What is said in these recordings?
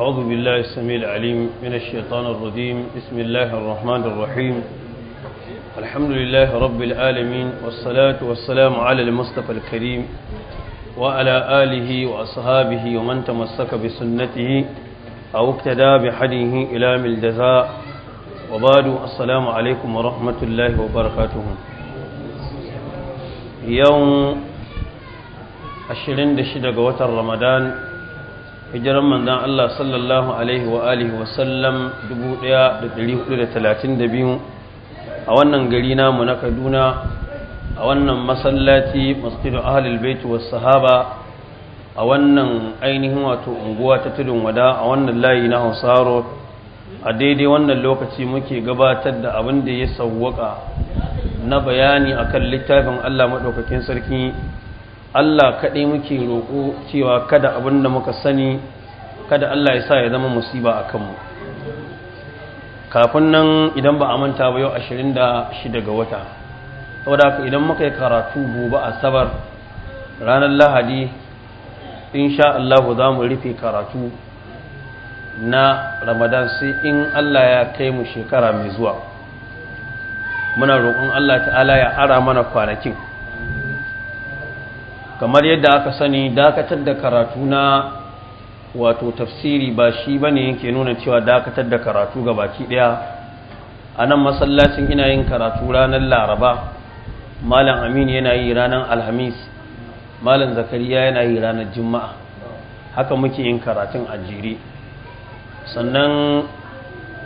أعوذ بالله السميع العليم من الشيطان الرجيم بسم الله الرحمن الرحيم الحمد لله رب العالمين والصلاة والسلام على المصطفى الكريم وعلى آله وأصحابه ومن تمسك بسنته أو اقتدى بحديه إلى من الجزاء وبعد السلام عليكم ورحمة الله وبركاته يوم 26 ga watan Ramadan hijiran manzan Allah sallallahu alaihi wa alihi wa 1432 a wannan gari namu na Kaduna a wannan masallaci masjidu ahlul bait was sahaba a wannan ainihin wato unguwa ta tudun wada a wannan layi na Hausaro a daidai wannan lokaci muke gabatar da abin da ya sauwaka na bayani akan littafin Allah madaukakin sarki Allah kaɗai muke roƙo cewa kada abin da muka sani kada Allah ya sa ya zama musiba a kanmu kafin nan idan ba a manta ba yau 26 ga wata saboda aka idan muka yi karatu gobe a asabar ranar lahadi sha Allah za mu rufe karatu na ramadan sai in Allah ya kai mu shekara mai zuwa muna roƙon Allah ta'ala ya ara mana kwanakin kamar yadda aka sani dakatar da karatu na wato tafsiri ba shi ba ne yake nuna cewa dakatar da karatu ga baki ɗaya a nan masallacin ina yin karatu ranar laraba malam aminu yana yi ranar alhamis malam zakariya yana yi ranar juma'a haka muke yin karatun a jere sannan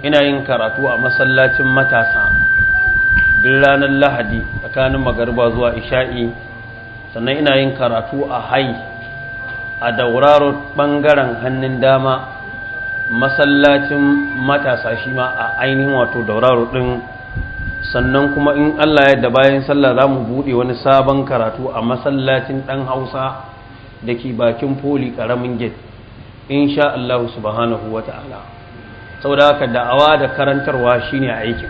ina yin karatu a masallacin matasa duk ranar lahadi tsakanin magarba zuwa isha'i sannan ina yin karatu a hai a dauraro bangaren hannun dama masallacin matasa shi ma a ainihin wato dauraro ɗin sannan kuma in Allah ya da bayan sallah za mu buɗe wani sabon karatu a masallacin ɗan hausa da ke bakin foli ƙaramin gate insha Allah subhanahu wa ta'ala sau da haka da'awa da karantarwa shine aikin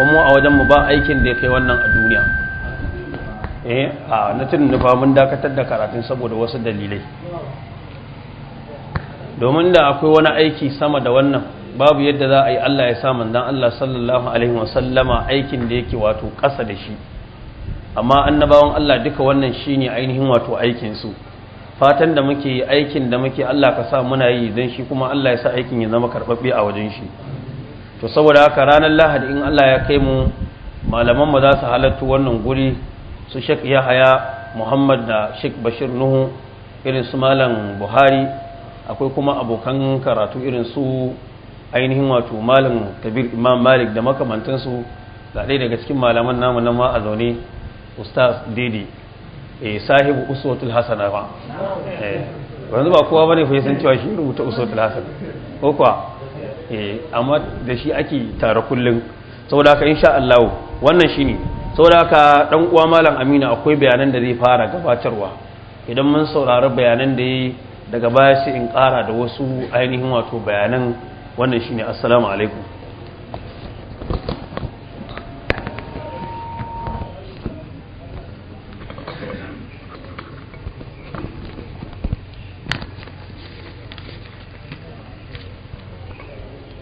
kuma a wajen mu ba aikin da ya kai wannan a duniya eh a na nufa mun dakatar da karatun saboda wasu dalilai domin da akwai wani aiki sama da wannan babu yadda za a yi Allah ya sa manzon Allah sallallahu alaihi wasallama aikin da yake wato kasa da shi amma annabawan Allah duka wannan shine ainihin wato aikin su fatan da muke yi aikin da muke Allah ka sa muna yi zan shi kuma Allah ya sa aikin ya zama karɓaɓɓe a wajen shi to saboda haka ranar lahadi in Allah ya kai mu malaman mu za su halattu wannan guri su shek yahaya muhammad da shek bashir nuhu irin su malam buhari akwai kuma abokan karatu irin su ainihin wato malam kabir imam malik da makamantansu ga ɗaya daga cikin malaman namu na ma a zaune ustaz didi eh sahibu uswatul hasana ba eh ba kowa bane fa san cewa shi rubuta uswatul hasana ko kwa eh amma da shi ake tare kullun saboda haka insha Allah wannan shine saboda haka ɗan uwa malam amina akwai bayanan da zai fara gabatarwa idan mun saurari bayanan da ya daga baya sai in ƙara da wasu ainihin wato bayanan wannan shine assalamu alaikum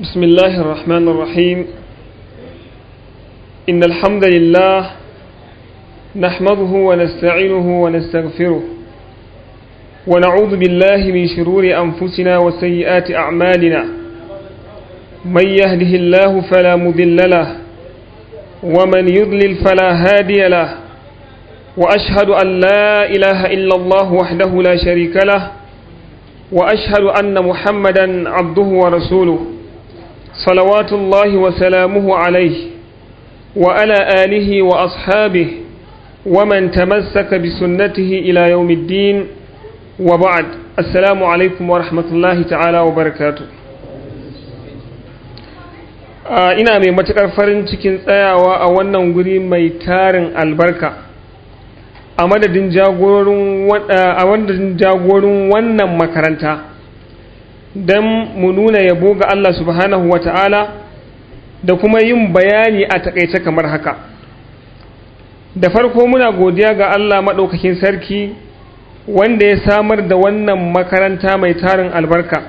بسم الله الرحمن الرحيم إن الحمد لله نحمده ونستعينه ونستغفره ونعوذ بالله من شرور أنفسنا وسيئات أعمالنا من يهده الله فلا مذل له ومن يضلل فلا هادي له وأشهد أن لا إله إلا الله وحده لا شريك له وأشهد أن محمدا عبده ورسوله صلوات الله وسلامه عليه وعلى آله وأصحابه ومن تمسك بسنته إلى يوم الدين وبعد السلام عليكم ورحمة الله تعالى وبركاته ina mai matuƙar farin cikin tsayawa a wannan guri mai tarin albarka a madadin jagorin wannan makaranta don mu nuna yabo ga Allah subhanahu wa ta'ala da kuma yin bayani a takaice kamar haka da farko muna godiya ga Allah maɗaukakin sarki wanda ya samar da wannan makaranta mai tarin albarka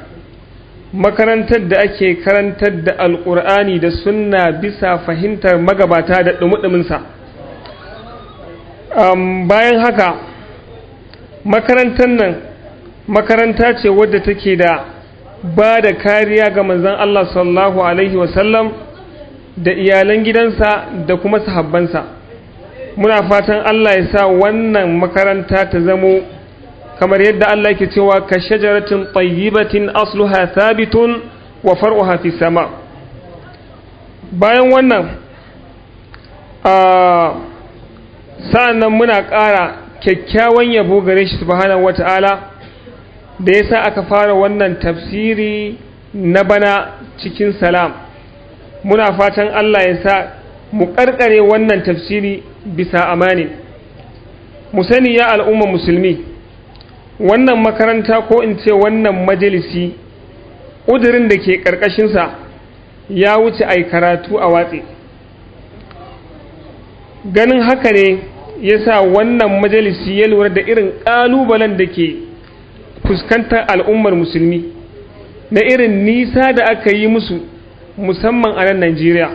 makarantar da ake karantar da alƙur'ani da sunna bisa fahimtar magabata da ɗumi um, bayan haka makarantar nan makaranta ce wadda take da ba da kariya ga manzan Allah sallallahu Alaihi wasallam da iyalan gidansa da kuma sahabbansa muna fatan Allah ya sa wannan makaranta ta zamo kamar yadda Allah yake cewa ka shajaratin tayyibatin asluha thabitun wa far'uha fi sama bayan wannan sa'annan muna ƙara kyakkyawan yabo gare shi subhanahu wata'ala da yasa aka fara wannan tafsiri na bana cikin salam muna fatan Allah ya sa mu karkare wannan tafsiri bisa amani mu sani ya al'umma musulmi wannan makaranta ko in ce wannan majalisi ƙudurin da ke ƙarƙashinsa ya wuce ai karatu a watsi ganin haka ne ya sa wannan majalisi ya lura da irin ƙalubalen da ke fuskantar al'ummar musulmi na irin nisa da aka yi musu musamman a nan Najeriya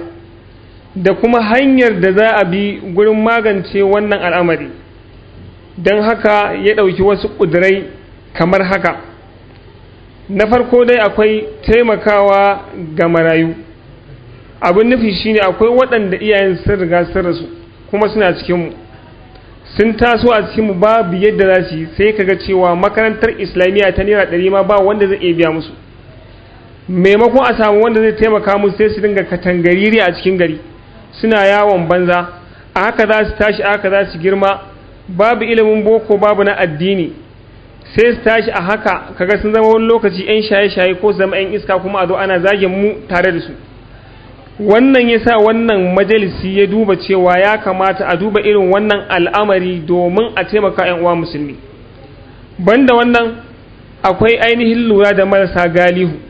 da kuma hanyar da za a bi gurin magance wannan al'amari don haka ya ɗauki wasu ƙudurai kamar haka na farko dai akwai taimakawa ga marayu abin nufi shine akwai waɗanda iyayen sun riga sun rasu kuma suna cikinmu sun taso a cikinmu babu yadda za su yi sai ka ga cewa makarantar islamiyya ta naira ɗari ma ba wanda zai iya biya musu maimakon a samu wanda zai taimaka musu sai su dinga katangariri a cikin gari suna yawon banza a haka za su tashi a haka za su girma babu ilimin boko babu na addini sai su tashi a haka kaga sun zama wani lokaci 'yan shaye-shaye ko zama 'yan iska kuma a zo ana zagin mu tare da su wannan ya sa wannan majalisi ya duba cewa ya kamata a duba irin wannan al'amari domin a taimaka 'yan uwa musulmi banda wannan akwai ainihin lura da marasa galihu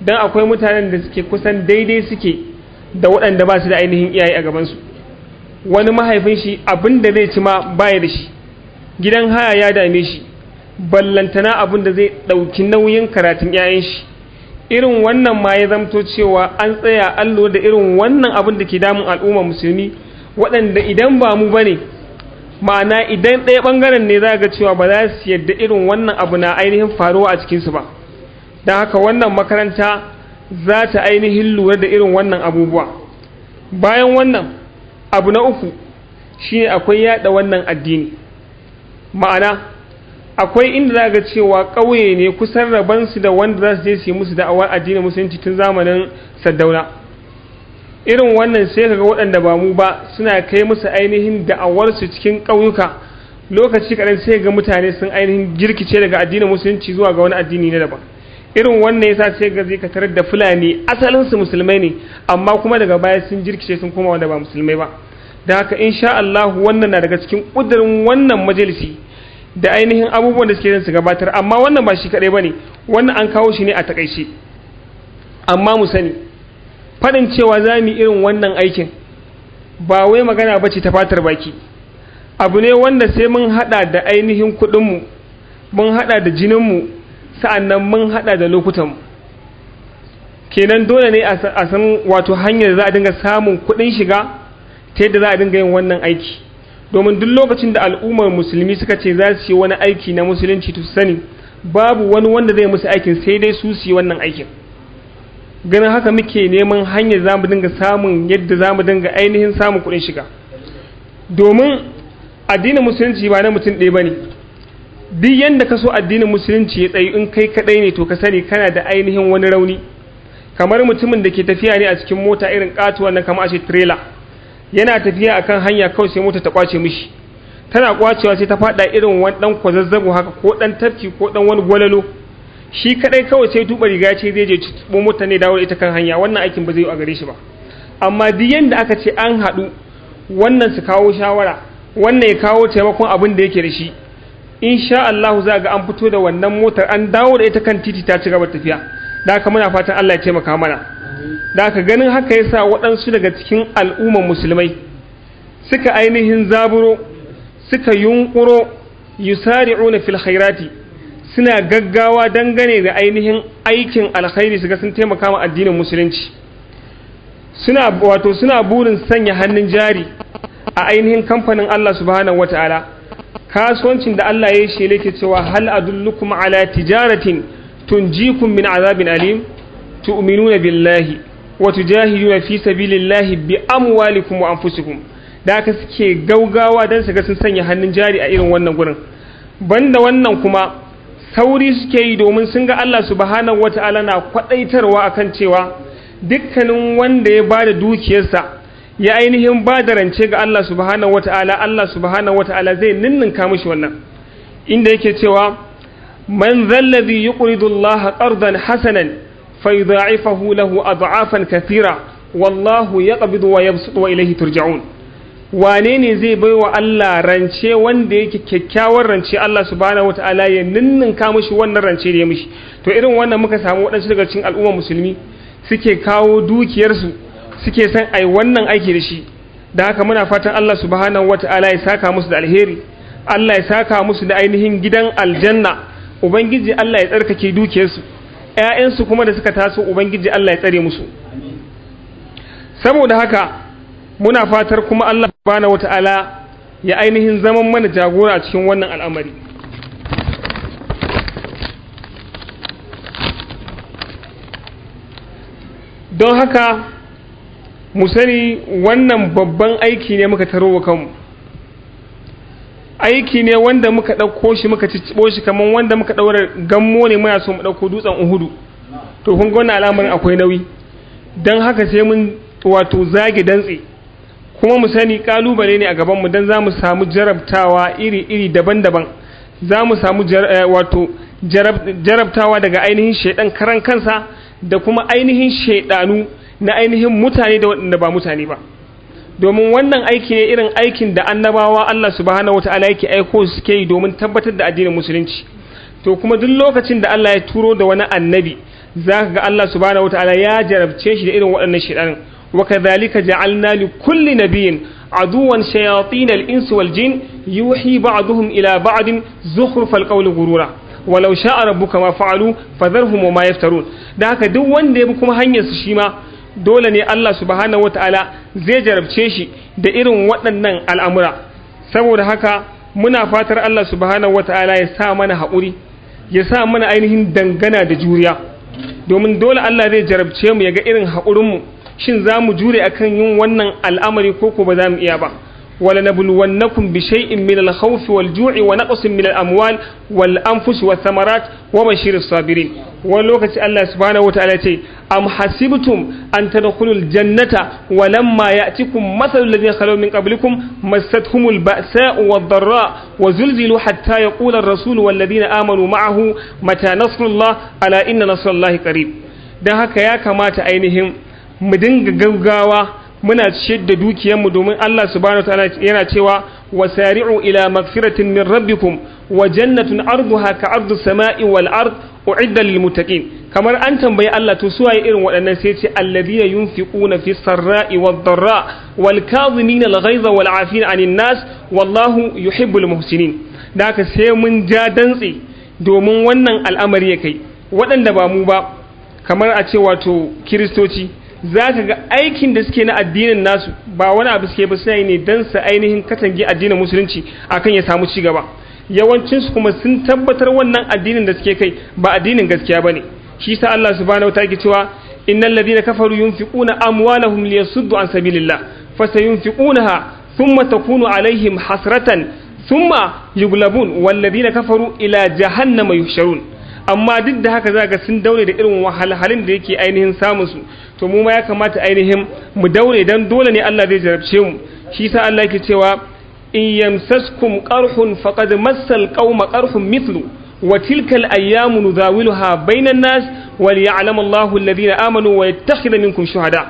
don akwai mutanen da suke kusan daidai suke da waɗanda ba su da ainihin iyaye a gabansu wani mahaifin shi abin da zai cima baya da shi gidan haya ya dame shi ballantana abin da zai ɗauki nauyin karatun 'ya'yan shi irin wannan ma ya zamto cewa an tsaya allo da irin wannan abin da ke damun al'umma musulmi waɗanda idan ba mu ba ne, ma'ana idan ɗaya ɓangaren ne za ga cewa ba za su yadda irin wannan abu na ainihin faruwa a cikinsu ba don haka wannan makaranta za ta ainihin lura da irin wannan abubuwa bayan wannan abu na uku shine akwai yada wannan addini ma'ana akwai inda za ga cewa ƙauye ne kusan rabansu da wanda za su je su yi musu da'awa addinin musulunci tun zamanin saddauna irin wannan sai kaga waɗanda ba mu ba suna kai musu ainihin da'awarsu cikin ƙauyuka lokaci kaɗan sai ga mutane sun ainihin girkice daga addinin musulunci zuwa ga wani addini na daban irin wannan yasa sa ga zai ka tarar da fulani asalin su musulmai ne amma kuma daga baya sun jirkice sun koma wanda ba musulmai ba da haka insha Allah wannan na daga cikin kudirin wannan majalisi da ainihin abubuwan da suke su gabatar amma wannan ba shi kadai bane wannan an kawo shi ne a takaice amma mu sani fadin cewa za mu irin wannan aikin ba wai magana ba ce ta fatar baki abu ne wanda sai mun hada da ainihin kudinmu mun hada da jininmu sa'annan mun haɗa da lokutan kenan dole ne a san wato hanyar za a dinga samun kuɗin shiga ta yadda za a dinga yin wannan aiki domin duk lokacin da al'ummar musulmi suka ce za su yi wani aiki na musulunci tu sani babu wani wanda zai musu aikin sai dai su su yi wannan aikin ganin haka muke neman hanyar za mu dinga samun yadda za mu dinga ainihin samun kuɗin shiga domin addinin musulunci ba na mutum ɗaya ba ne duk yanda ka so addinin musulunci ya tsayi in kai kaɗai ne to ka sani kana da ainihin wani rauni kamar mutumin da ke tafiya ne a cikin mota irin katuwa na kamar ashe trela yana tafiya akan hanya kawai sai mota ta kwace mishi tana kwacewa sai ta fada irin wani dan kwazazzabo haka ko dan tafki ko dan wani gwalalo shi kadai kawai sai tuba riga ce zai je tubo mota ne dawo ita kan hanya wannan aikin ba zai yi a gare shi ba amma duk yanda aka ce an haɗu wannan su kawo shawara wannan ya kawo taimakon abin da yake da shi insha Allah za ga an fito da wannan motar an dawo da ita kan titi ta ci gaba tafiya da haka muna fatan Allah ya taimaka mana da haka ganin haka ya sa waɗansu daga cikin al'umman musulmai suka ainihin zaburo suka yunƙuro yusari'una fil khairati suna gaggawa dangane da ainihin aikin alkhairi su ga sun taimaka ma addinin musulunci suna wato suna burin sanya hannun jari a ainihin kamfanin Allah subhanahu wataala kasuwancin da Allah ya yi shi yake cewa hal adullukum ala tijaratin tunjikum min azabin alim tu'minuna billahi wa tujahiduna fi sabilillahi bi amwalikum wa anfusikum da aka suke gaugawa don su ga sun sanya hannun jari a irin wannan gurin banda wannan kuma sauri suke yi domin sun ga Allah subhanahu wata'ala na kwadaitarwa akan cewa dukkanin wanda ya bada dukiyarsa ya ainihin ba da rance ga Allah subhanahu wata'ala Allah subhanahu wata'ala zai ninninka mishi wannan inda yake cewa man zallazi yuqridu Hassanan, qardan hasanan fayudha'ifahu lahu ad'afan kafira, wallahu yaqbidu wa yabsutu wa ilayhi turja'un wane ne zai baiwa Allah rance wanda yake kyakkyawar rance Allah subhanahu wata'ala ya ninninka mishi wannan rance da ya mishi to irin wannan muka samu waɗansu daga cikin al'umma musulmi suke kawo dukiyarsu suke san ai wannan aiki da shi da haka muna fatan Allah subhanahu wata'ala ya saka musu da alheri Allah ya saka musu da ainihin gidan aljanna ubangiji Allah ya tsarkake dukiyarsu ƴaƴansu kuma da suka taso ubangiji Allah ya tsare musu saboda haka muna fatar kuma Allah subhanahu wata'ala ya ainihin zaman mana jagora a cikin wannan al'amari don haka mu sani wannan babban aiki ne muka taro wa kanmu aiki ne wanda muka ɗauko shi muka cicciɓo shi kamar wanda muka ɗaura gammo ne muna so mu ɗauko dutsen uhudu to kun ga wannan akwai nauyi don haka sai mun wato zage dantse kuma mu sani kalubale ne a gabanmu mu don za mu samu jarabtawa iri-iri daban-daban za mu samu eh, wato jarabtawa daga ainihin shaidan karan kansa da kuma ainihin shaidanu na ainihin mutane da waɗanda ba mutane ba domin wannan aiki ne irin aikin da annabawa Allah subhanahu wataala yake aiko suke yi domin tabbatar da addinin musulunci to kuma duk lokacin da Allah ya turo da wani annabi zaka ga Allah subhanahu wataala ya jarabce shi da irin waɗannan shedanin wa kadhalika ja'alna li kulli nabiyyin aduwan shayatin al-insi wal jin yuhi ba'dhum ila zukhruf al-qawl ghurura walau sha'a rabbuka ma fa'alu fadharhum wa ma yaftarun da haka duk wanda ya bi kuma hanyar su shi ma dole ne Allah subhanahu wataala zai jarabce shi da irin waɗannan al'amura saboda haka muna fatar Allah subhanahu wataala ya sa mana haƙuri ya sa mana ainihin dangana da juriya domin dole Allah zai jarabce mu ya ga irin haƙurinmu shin za mu jure akan yin wannan al'amari ko ko ba za mu iya ba ولنبلونكم بشيء من الخوف والجوع ونقص من الأموال والأنفس والثمرات وبشر الصابرين ولوكت الله سبحانه وتعالى أم حسبتم أن تدخلوا الجنة ولما يأتكم مثل الذين خلوا من قبلكم مستهم البأساء والضراء وزلزلوا حتى يقول الرسول والذين آمنوا معه متى نصر الله ألا إن نصر الله قريب ده هكا يا كما تأينهم مدنق قوقاوة muna da dukiyarmu domin Allah subhanahu wa ta'ala yana cewa sari'u ila magfiratin min rabbikum wa jannatun arduha ka ardu sama'i wal ard u'idda lil muttaqin kamar an tambayi Allah to suwaye irin waɗannan sai ce alladhina yunfiquna fi sarra'i wad dharra wal kadhimina al ghayza wal 'afina 'anil nas wallahu yuhibbul muhsinin da haka sai mun ja dantse domin wannan al'amari ya kai waɗanda ba mu ba kamar a ce wato kiristoci za ka ga aikin da suke na addinin nasu ba wani abu suke ba sai ne don su ainihin katange addinin musulunci akan ya samu ci gaba yawancinsu kuma sun tabbatar wannan addinin da suke kai ba addinin gaskiya ba ne shi sa Allah subhanahu wata ki cewa innal ladina kafaru yunfiquna amwalahum liyasuddu an sabilillah fasayunfiqunaha thumma takunu alaihim hasratan thumma yughlabun wal ladina kafaru ila jahannama yuhsharun amma duk da haka za ga sun daure da irin wahalhalin da yake ainihin samun su to mu ma ya kamata ainihin mu daure dan dole ne Allah zai jarabce mu shi sa Allah yake cewa in yamsaskum qarhun faqad massal qauma qarhun mithlu wa tilkal ayyamu nuzawiluha bainan nas wal ya'lamu Allahu alladhina amanu wa yattakhidha minkum shuhada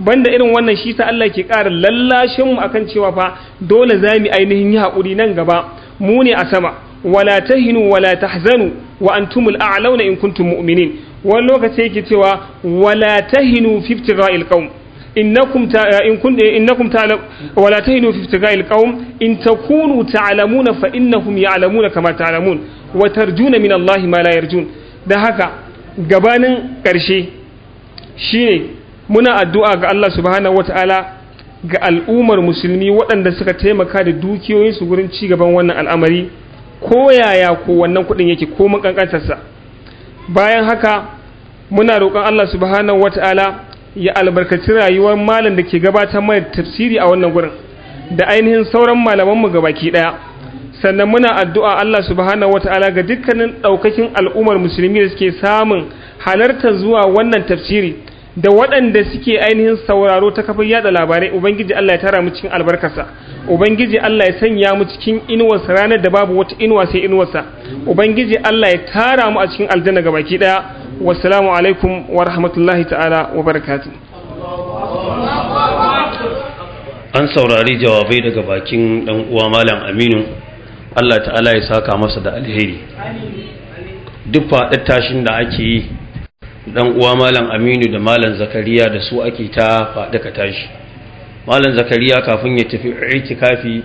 banda irin wannan shi sa Allah ke ƙara lallashin mu akan cewa fa dole za mu ainihin yi hakuri nan gaba mu ne a sama wala tahinu wala tahzanu wa antumul a'launa in kuntum mu'minin wani lokaci yake cewa wala tahinu fi ibtira'il qaum innakum ta eh, in kun eh, innakum wala tahinu fi ibtira'il qaum in takunu ta'lamuna fa innahum ya'lamuna kama ta'lamun wa tarjuna min Allah ma la yarjun da haka gabanin karshe shine muna addu'a ga Allah subhanahu wataala ga al'ummar musulmi waɗanda suka taimaka da dukiyoyinsu gurin ci gaban wannan al'amari ko yaya ko wannan kuɗin yake ko makankantarsa bayan haka muna roƙon Allah subhanahu wataala ya albarkaci rayuwar malam da ke gabatar mana tafsiri a wannan gurin da ainihin sauran malamanmu gabaki daya sannan muna addu'a Allah subhanahu wataala ga dukkanin daukakin al'ummar musulmi da suke samun halartar zuwa wannan tafsiri da waɗanda suke ainihin sauraro ta kafin yada labarai ubangiji Allah ya tara mu cikin albarkarsa ubangiji Allah ya sanya mu cikin inuwarsa ranar da babu wata inuwa sai inuwarsa ubangiji Allah ya tara mu a cikin aljanna gabaki daya wasalamu alaikum wa rahmatullahi ta'ala wa barakatu an saurari jawabai daga bakin dan uwa malam aminu allah ta'ala ya saka masa da alheri duk faɗi tashin da ake yi dan uwa malam aminu da malam zakariya da su ake ta faɗi ka tashi malam zakariya kafin ya tafi aiki tun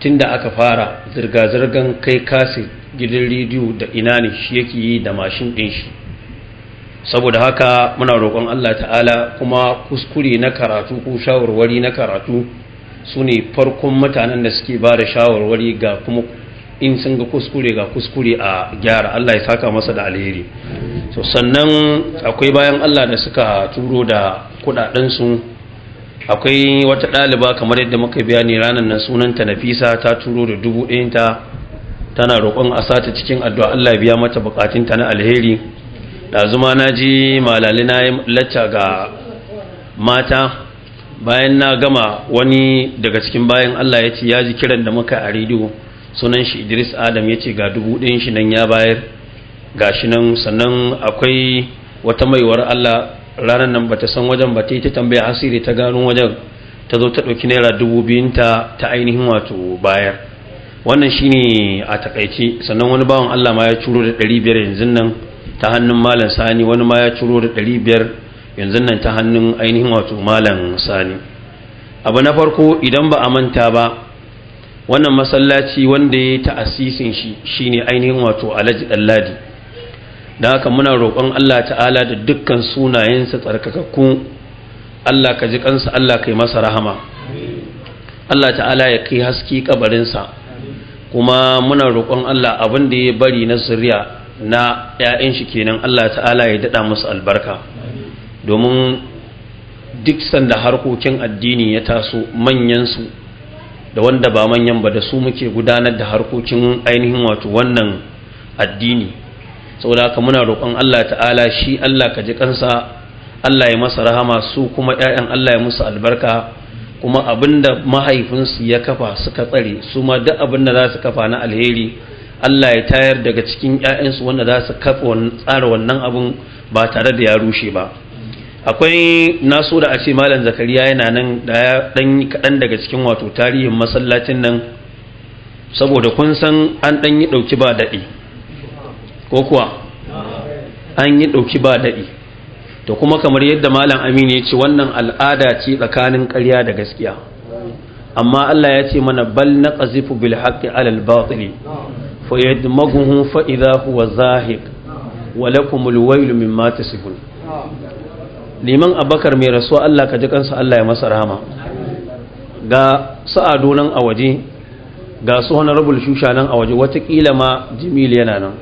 tunda aka fara zirga-zirgan kai kasi gidan rediyo da ina ne shi yake yi da mashin ɗin shi saboda haka muna roƙon Allah ta'ala kuma kuskure na karatu ko shawarwari na karatu su ne farkon mutanen da suke ba da shawarwari ga kuma in sun ga kuskure ga kuskure a gyara Allah ya saka masa da alheri so sannan akwai bayan Allah da suka turo da kudadensu akwai wata ɗaliba kamar yadda muka biya bayani ranar nan sunanta Nafisa ta turo da dubu ɗayanta tana roƙon a sata cikin addu'a Allah ya biya mata bukatunta na alheri Dazuma na ji malali na yi lacca ga mata bayan na gama wani daga cikin bayan Allah ya ce ya ji kiran da muka a rediyo sunan shi idris adam ya ce ga dubu ɗin shi nan ya bayar ga shi nan sannan akwai wata maiwar Allah ranar nan bata san wajen ba ta yi ta tambaya asiri ta gano wajen ta zo ta ɗauki naira dubu biyun ta ainihin wato bayar wannan shine a takaice sannan wani bawan Allah ma ya curo da ɗari biyar yanzu nan ta hannun malam sani wani ma ya ciro da ɗari biyar yanzu nan ta hannun ainihin wato malam sani abu na farko idan ba a manta ba wannan masallaci wanda ya ta asisin shi shine ainihin wato alhaji ɗalladi Da haka muna roƙon allah ta'ala da dukkan sunayensa tsarkakakku allah ka ji kansa allah ka masa rahama allah ta'ala ya kai haski kabarinsa kuma muna roƙon allah abin da ya bari na sirriya. na 'ya'yan shi kenan Allah ta'ala ya daɗa musu albarka domin duk sanda harkokin addini ya taso manyansu da wanda ba manyan ba da su muke gudanar da harkokin ainihin wato wannan addini saboda haka muna roƙon Allah ta'ala shi Allah ka ji kansa Allah ya masa rahama su kuma 'ya'yan Allah ya musu albarka kuma abinda mahaifinsu ya kafa suka tsare su ma duk abinda za su kafa na alheri Allah ya tayar daga cikin ‘ya'yansu wanda za su kafa tsara wannan abun ba tare da ya rushe ba akwai naso da a ce malam zakariya yana nan da ya ɗan kaɗan daga cikin wato tarihin masallacin nan saboda kun san an ɗan yi ɗauki ba daɗi ko kuwa an yi ɗauki ba daɗi to kuma kamar yadda malam aminu ya ce wannan al'ada ce tsakanin ƙarya da gaskiya amma Allah ya ce mana bal na ƙazifu bil haƙƙi alal batili فيدمغه فإذا هو زاهق ولكم الويل مما تصفون liman abakar mai rasuwa Allah ka ji kansa Allah ya masa rahama ga Ado nan a waje ga su honorable shusha nan a waje watakila ma jimil yana nan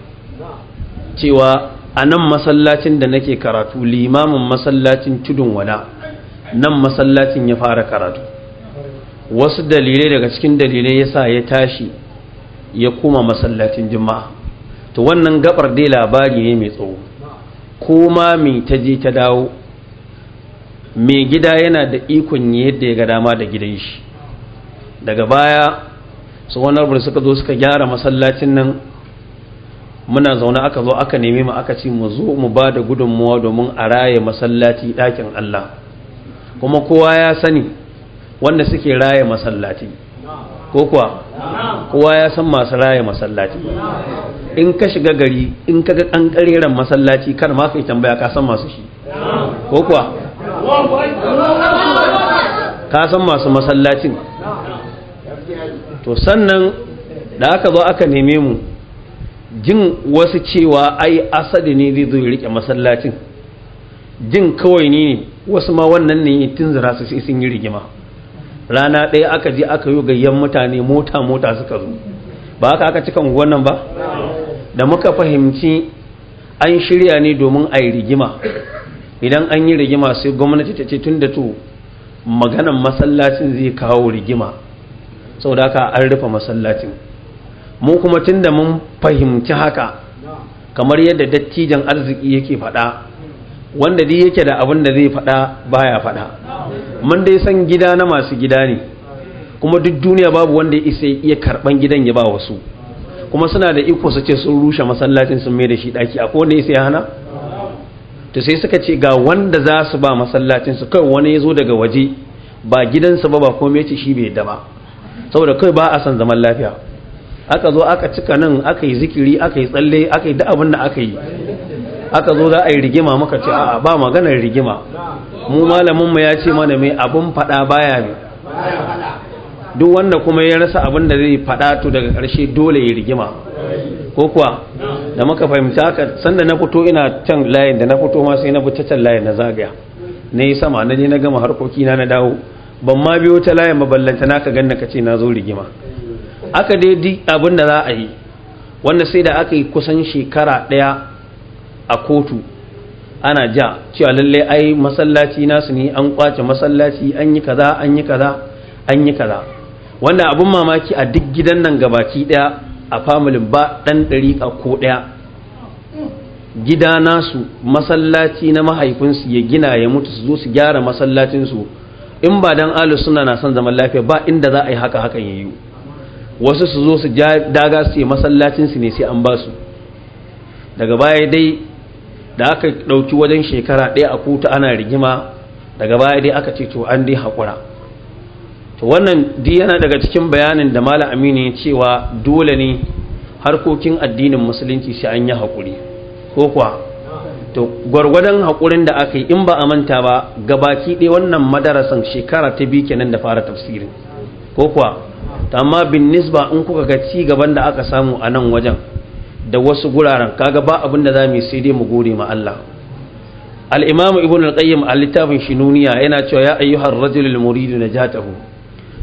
cewa a nan masallacin da nake karatu limamin masallacin tudun wada nan masallacin ya fara karatu wasu dalilai daga cikin dalilai yasa ya tashi ya koma masallacin juma'a to wannan gabar dai labari ne mai tsawo koma mai ta je ta dawo mai gida yana da ikon yadda ya ga dama da gidan shi daga baya su wani suka zo suka gyara masallacin nan muna zaune aka zo aka nemi mu aka ce mu zo mu ba da gudunmuwa domin a raye masallaci ɗakin Allah kuma kowa ya sani wanda suke raye masallaci ko kuwa kowa ya san masu raya masallaci in ka shiga gari in ka ga an kareren masallaci kar ma kai tambaya ka san masu shi ko kuwa ka san masu masallacin to sannan da aka zo aka neme mu jin wasu cewa ai asadi ne zai zo riƙe masallacin jin kawai ne wasu ma wannan ne tun zira su sai sun yi rigima rana ɗaya aka je aka yi gayyan mutane mota mota suka zo ba haka aka cika wannan ba da muka fahimci an shirya ne domin a yi rigima idan an yi rigima sai gwamnati ta ce tun da to maganan masallacin zai kawo rigima sau da aka an rufe masallacin mu kuma tun da mun fahimci haka kamar yadda dattijan arziki yake faɗa wanda dai yake da abin da zai faɗa baya faɗa mun dai san gida na masu gida ne kuma duk duniya babu wanda isa iya karban gidan ya ba wasu kuma suna da iko su ce sun rushe masallacin sun mai da shi ɗaki akwai wanda isa ya hana to sai suka ce ga wanda za su ba masallacin su kai wani ya zo daga waje ba gidansa ba ba komai ce shi bai dama, ba saboda kai ba a san zaman lafiya aka zo aka cika nan aka yi zikiri aka yi tsalle aka yi da abin da aka yi aka zo za a yi rigima muka ce a'a ba maganar rigima mu malamin mu ya ce mana mai abin fada baya ne duk wanda kuma ya rasa abin da zai fada to daga karshe dole ya rigima ko kuwa da muka fahimta haka sanda na fito ina can layin da na fito ma sai na fita can layin na zagaya na yi sama na je na gama harkoki na na dawo ban ma biyo ta layin maballanta na ka ganna ka ce na zo rigima aka dai duk abin da za a yi wanda sai da aka yi kusan shekara ɗaya a kotu ana ja cewa lalle ai masallaci nasu ne an kwace masallaci an yi kaza an yi kaza an yi kaza wannan abun mamaki a duk gidan nan gabaki daya a familin ba dan dariƙa ko daya gida nasu masallaci na mahaifinsu ya gina ya mutu su zo su gyara masallacinsu in ba dan alu suna na son zaman lafiya ba inda za a yi haka hakan yayi wasu su zo su daga su yi masallacinsu ne sai an ba su daga baya dai da aka ɗauki wajen shekara ɗaya a kotu ana rigima daga baya dai aka ce to an dai haƙura to wannan di yana daga cikin bayanin da mala aminu ya cewa dole ne harkokin addinin musulunci sai an yi haƙuri ko kuwa to gwargwadon haƙurin da aka yi in ba a manta ba ga baki ɗaya wannan madarasan shekara ta biyu kenan da fara tafsirin ko kuwa amma bin nisba in kuka ga ci gaban da aka samu a nan wajen da wasu guraren kaga ba abin da za mu sai dai mu gode ma Allah al-imamu ibn al-qayyim a littafin shinuniya yana cewa ya ayyuhar rajulul muridu najatahu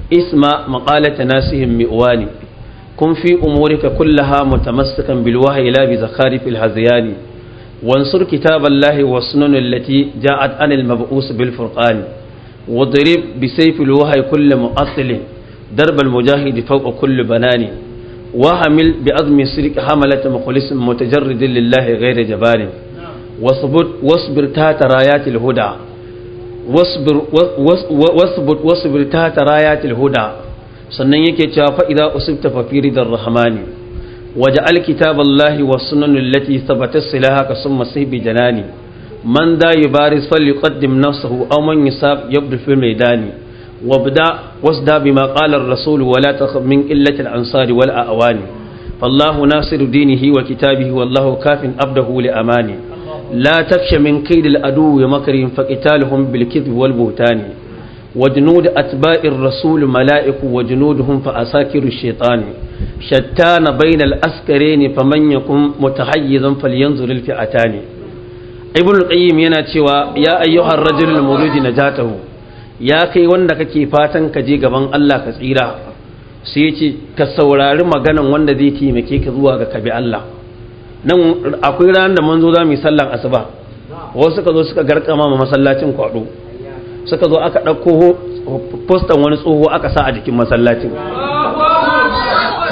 isma maqalata nasihim miwani kun fi umurika kullaha mutamassikan bil wahyi la bi zakharifil hazyani wansur kitaballahi wasnun allati ja'at anil mab'us bil furqan واضرب بسيف الوهي كل مؤصل ضرب المجاهد فوق bana ne. وحمل بأظم سرك حملة مخلص متجرد لله غير جبار واصبر واصبر تات رايات الهدى واصبر واصبر واصبر تات رايات الهدى sannan yake cewa fa'ida idza fafiri fa fi ridar rahmani waj'al kitaballahi was sunan allati thabata silaha ka summa sahbi janani man da yubaris falyuqaddim nafsahu aw man yasab yabdu fil maidani وابدا واسدى بما قال الرسول ولا تخف من قلة الأنصار والأوان فالله ناصر دينه وكتابه والله كاف أبده لأماني لا تخش من كيد الأدو مكرهم فقتالهم بالكذب والبهتان وجنود أتباع الرسول ملائك وجنودهم فأساكر الشيطان شتان بين الأسكرين فمن يكن متحيزا فلينظر الفئتان ابن القيم يناتي يا أيها الرجل المولود نجاته ya kai wanda kake fatan ka je gaban Allah ka tsira sai ya ce ka saurari maganan wanda zai taimake ka zuwa ga kabi Allah nan akwai ranar da manzo za mu yi sallan asuba wasu suka zo suka garkama ma masallacin kwado suka zo aka ɗauko fostan wani tsoho aka sa a jikin masallacin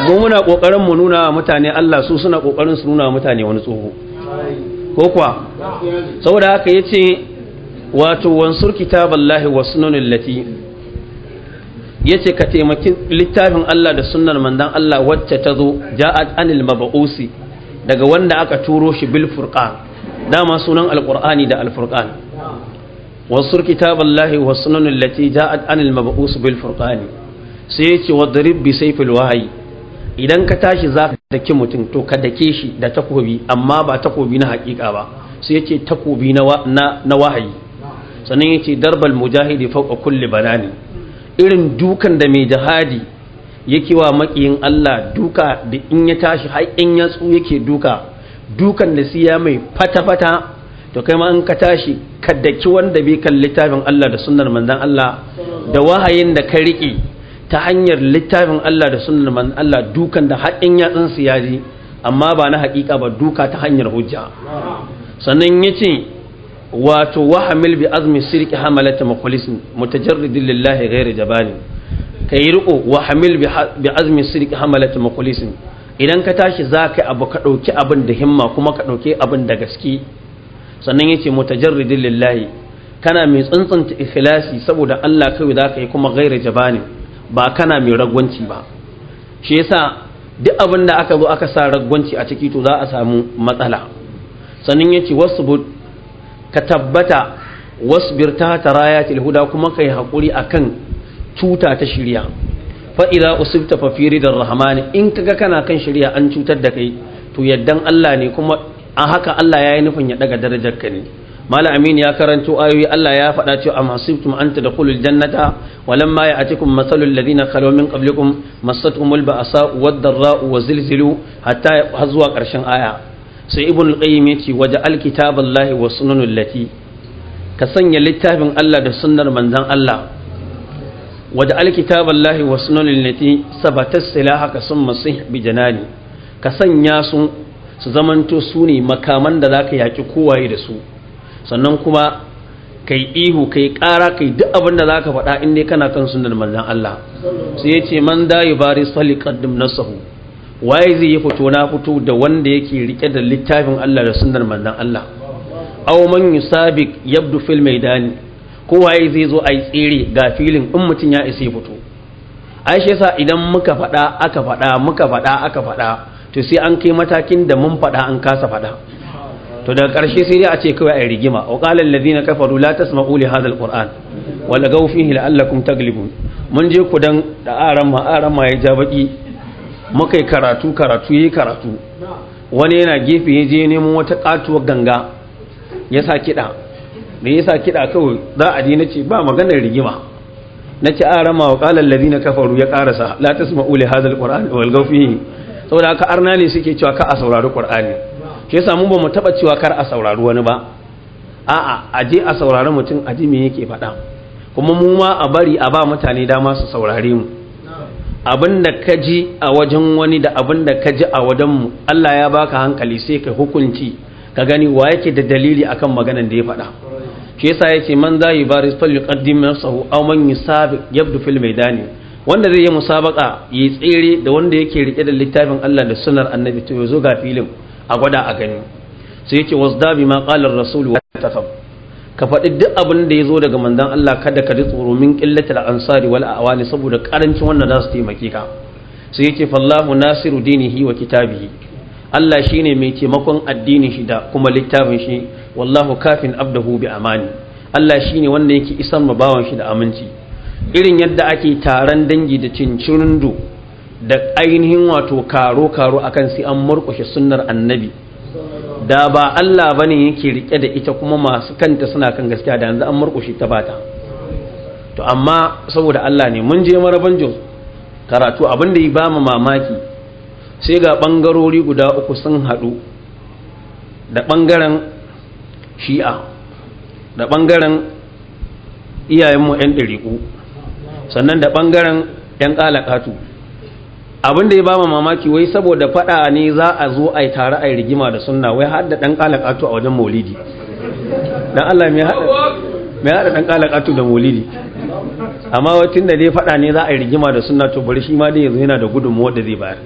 mu muna kokarin mu nuna mutane Allah su suna kokarin su nuna mutane wani tsoho ko kuwa saboda haka yace wato wansur kitaballahi wa sunanin lati ya ce ka taimaki littafin Allah da sunnar mandan Allah wacce ta zo ja'at anil maba'usi daga wanda aka turo shi bil furqan dama sunan alqur'ani da alfurqan wansur kitaballahi wa sunanin lati ja'at anil maba'usi bil furqani sai ya ce wadrib bi sayfil wahyi idan ka tashi za ka daki mutum to ka dake shi da takobi amma ba takobi na hakika ba sai ya ce takobi na wahayi sannan ya ce darbal mujahidi kulle kulle ne irin dukan da mai jihadi yake wa makiyin Allah duka da in ya tashi har in ya tsu yake duka dukan da siya mai fata fata to kai ma in ka tashi ka daki wanda bai kan littafin Allah da sunnar manzon Allah da wahayin da ka rike ta hanyar littafin Allah da sunnar manzon Allah dukan da har in ya tsinsu ya ji amma ba na haƙiƙa ba duka ta hanyar hujja sannan yace wato wahamil bi azmi sirki hamalata makulisin mutajarridin lillahi ghairi jabani ka yi riko wahamil bi azmi sirki hamalata makulisin idan ka tashi za ka abu ka ɗauki abin da himma kuma ka ɗauki abin da gaske sannan ya ce mutajarridin lillahi kana mai tsantsanta ikhlasi saboda Allah kawai za ka yi kuma ghairi jabani ba kana mai ragwanci ba shi yasa duk abin da aka zo aka sa ragwanci a ciki to za a samu matsala sannan ya ce wasu ka tabbata wasbir ta tarayatil huda kuma kai hakuri akan cuta ta shirya fa idza usibta fa ne in kaga kana kan shirya an cutar da kai to yaddan Allah ne kuma a haka Allah ya yi nufin ya ɗaga darajar ka ne malam amin ya karanto ayoyi Allah ya faɗa cewa am hasibtum da tadkhulul jannata cikin ya'atikum da ladina khalu min qablikum massatuhumul a wad-dharra'u wa zilzilu hatta zuwa ƙarshen aya sai ibn al-qayyim yace waja al-kitaballahi wa sunanul lati ka sanya littafin Allah da sunnar manzon Allah waje al-kitaballahi wa sunanul lati sabata silaha ka sun masih bi janani ka sanya su su zamanto su ne makaman da zaka yaki kowaye da su sannan kuma kai ihu kai ƙara kai duk abin da zaka faɗa in dai kana kan sunnar manzon Allah sai yace man da yubari sali nasahu waye zai yi fito na fito da wanda yake rike da littafin Allah da sunnar manzon Allah aw man yusabik yabdu fil maidan ko waye zai zo ai tsere ga filin in mutun ya isa fito ai shi yasa idan muka fada aka fada muka fada aka fada to sai an kai matakin da mun fada an kasa fada to daga karshe sai dai a ce kawai ai rigima wa qala allazina kafaru la tasma'u li hadha alquran wa lagaw fihi la'allakum taglibun mun je ku dan da aran ma aran ma ya ja baki muka yi karatu karatu yi karatu wani yana gefe ya je neman wata katuwar ganga ya sa kiɗa da ya sa kiɗa kawai za a je na ce ba maganar rigima na ce an rama wa ƙalar na kafaru ya ƙarasa la ta suma ule hazal ƙwar'ani wal gaufi saboda aka arna ne suke cewa ka a saurari ƙwar'ani ke yasa mun ba mu taɓa cewa kar a saurari wani ba a'a a je a saurari mutum a ji me yake faɗa kuma mu ma a bari a ba mutane dama su saurare mu abin da ka ji a wajen wani da abin da ka ji a wajenmu Allah ya baka hankali sai ka hukunci ka gani wa yake da dalili akan maganan da ya faɗa shi yasa yace man za yi baris fal yuqaddim nafsahu aw man yusabiq yabdu fil maidani wanda zai yi musabaka yi tsere da wanda yake rike da littafin Allah da sunnar annabi to yazo ga filin a gwada a gani sai yake wasda ma qala ar-rasul wa takhaf ka faɗi duk abin da ya zo daga manzon Allah kada ka ji tsoro min qillatil ansari wal awali saboda karancin wannan za su taimake ka Su yake fallahu nasiru dinihi wa kitabihi Allah shine mai taimakon addinin shi da kuma littafin shi wallahu kafin abdahu bi amani Allah shine wanda yake isan mabawan shi da aminci irin yadda ake taron dangi da cincirin da ainihin wato karo-karo akan sai an murƙushe sunnar annabi da ba Allah ba ne yake rike da ita kuma masu kanta suna kan gaskiya da yanzu an murkushe ta bata to amma saboda Allah ne mun je maraban jos karatu abin da ya ba mu mamaki sai ga ɓangarori guda uku sun haɗu da bangaren shi'a da bangaren iyayenmu 'yan ɗariƙu sannan da bangaren 'yan ƙalaƙatu abin da ya ba mamaki wai saboda faɗa ne za a zo a yi tare a yi rigima da sunna wai hada da ɗan a wajen maulidi dan Allah mai haɗa ɗan kalakatu da maulidi amma wacin da dai faɗa ne za a yi rigima da sunna to bari shi ma dai yanzu yana da gudunmuwa da zai bayar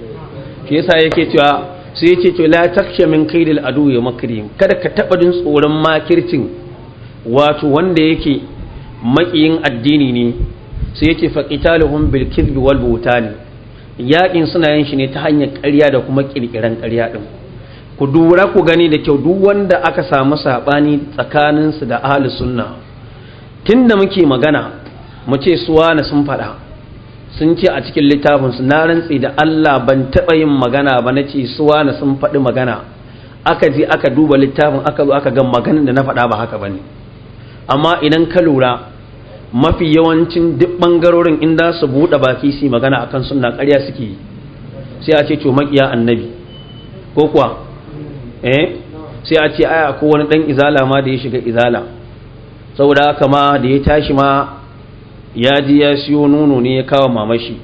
shi yasa yake cewa sai yake to la takshe min kaidil adu ya makrim kada ka taɓa jin tsoron makircin wato wanda yake makiyin addini ne sai yake faqitaluhum bil kizbi wal butani Yaƙin suna yin shi ne ta hanyar ƙarya da kuma ƙirƙiran ƙarya ɗin ku dura ku gani da kyau duk wanda aka samu saɓani tsakaninsu da ahli sunna tun da muke magana mu ce suwana sun faɗa sun ce a cikin littafinsu na rantsi da allah ban taɓa yin magana ba na ce suwana sun faɗi magana aka je aka duba littafin aka zo aka ga maganin da na faɗa ba haka ba ne amma idan ka lura mafi yawancin duk bangarorin in su buɗe baki su magana akan sunna ƙarya suke yi sai a ce to makiya annabi ko kuwa eh sai a ce aya ko wani dan izala ma da ya shiga izala saboda haka ma da ya tashi ma ya ji ya siyo nono ne ya kawo mamashi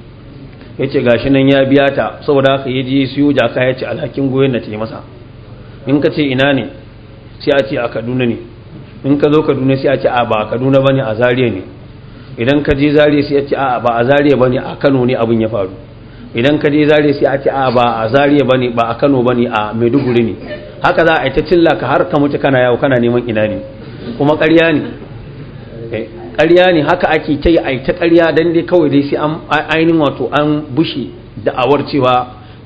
ya ce gashi nan ya biya ta saboda haka ya ji ya siyo jaka ya ce alhakin goyon da ta yi masa in ka ce ina ne sai a ce a kaduna ne in ka zo kaduna sai a ce a ba kaduna ba ne a zariya ne idan ka je zariya sai a ce a'a ba a zariya bane a Kano ne abin ya faru idan ka je zariya sai a ce a'a ba a zariya bane ba a Kano bane a Maiduguri ne haka za a yi ta cilla ka har ka mutu kana yawo kana neman ina ne kuma ƙarya ne eh, ƙarya ne haka ake ta yi a ta ƙarya dan dai kawai dai sai an ainihin wato an bushe da'awar cewa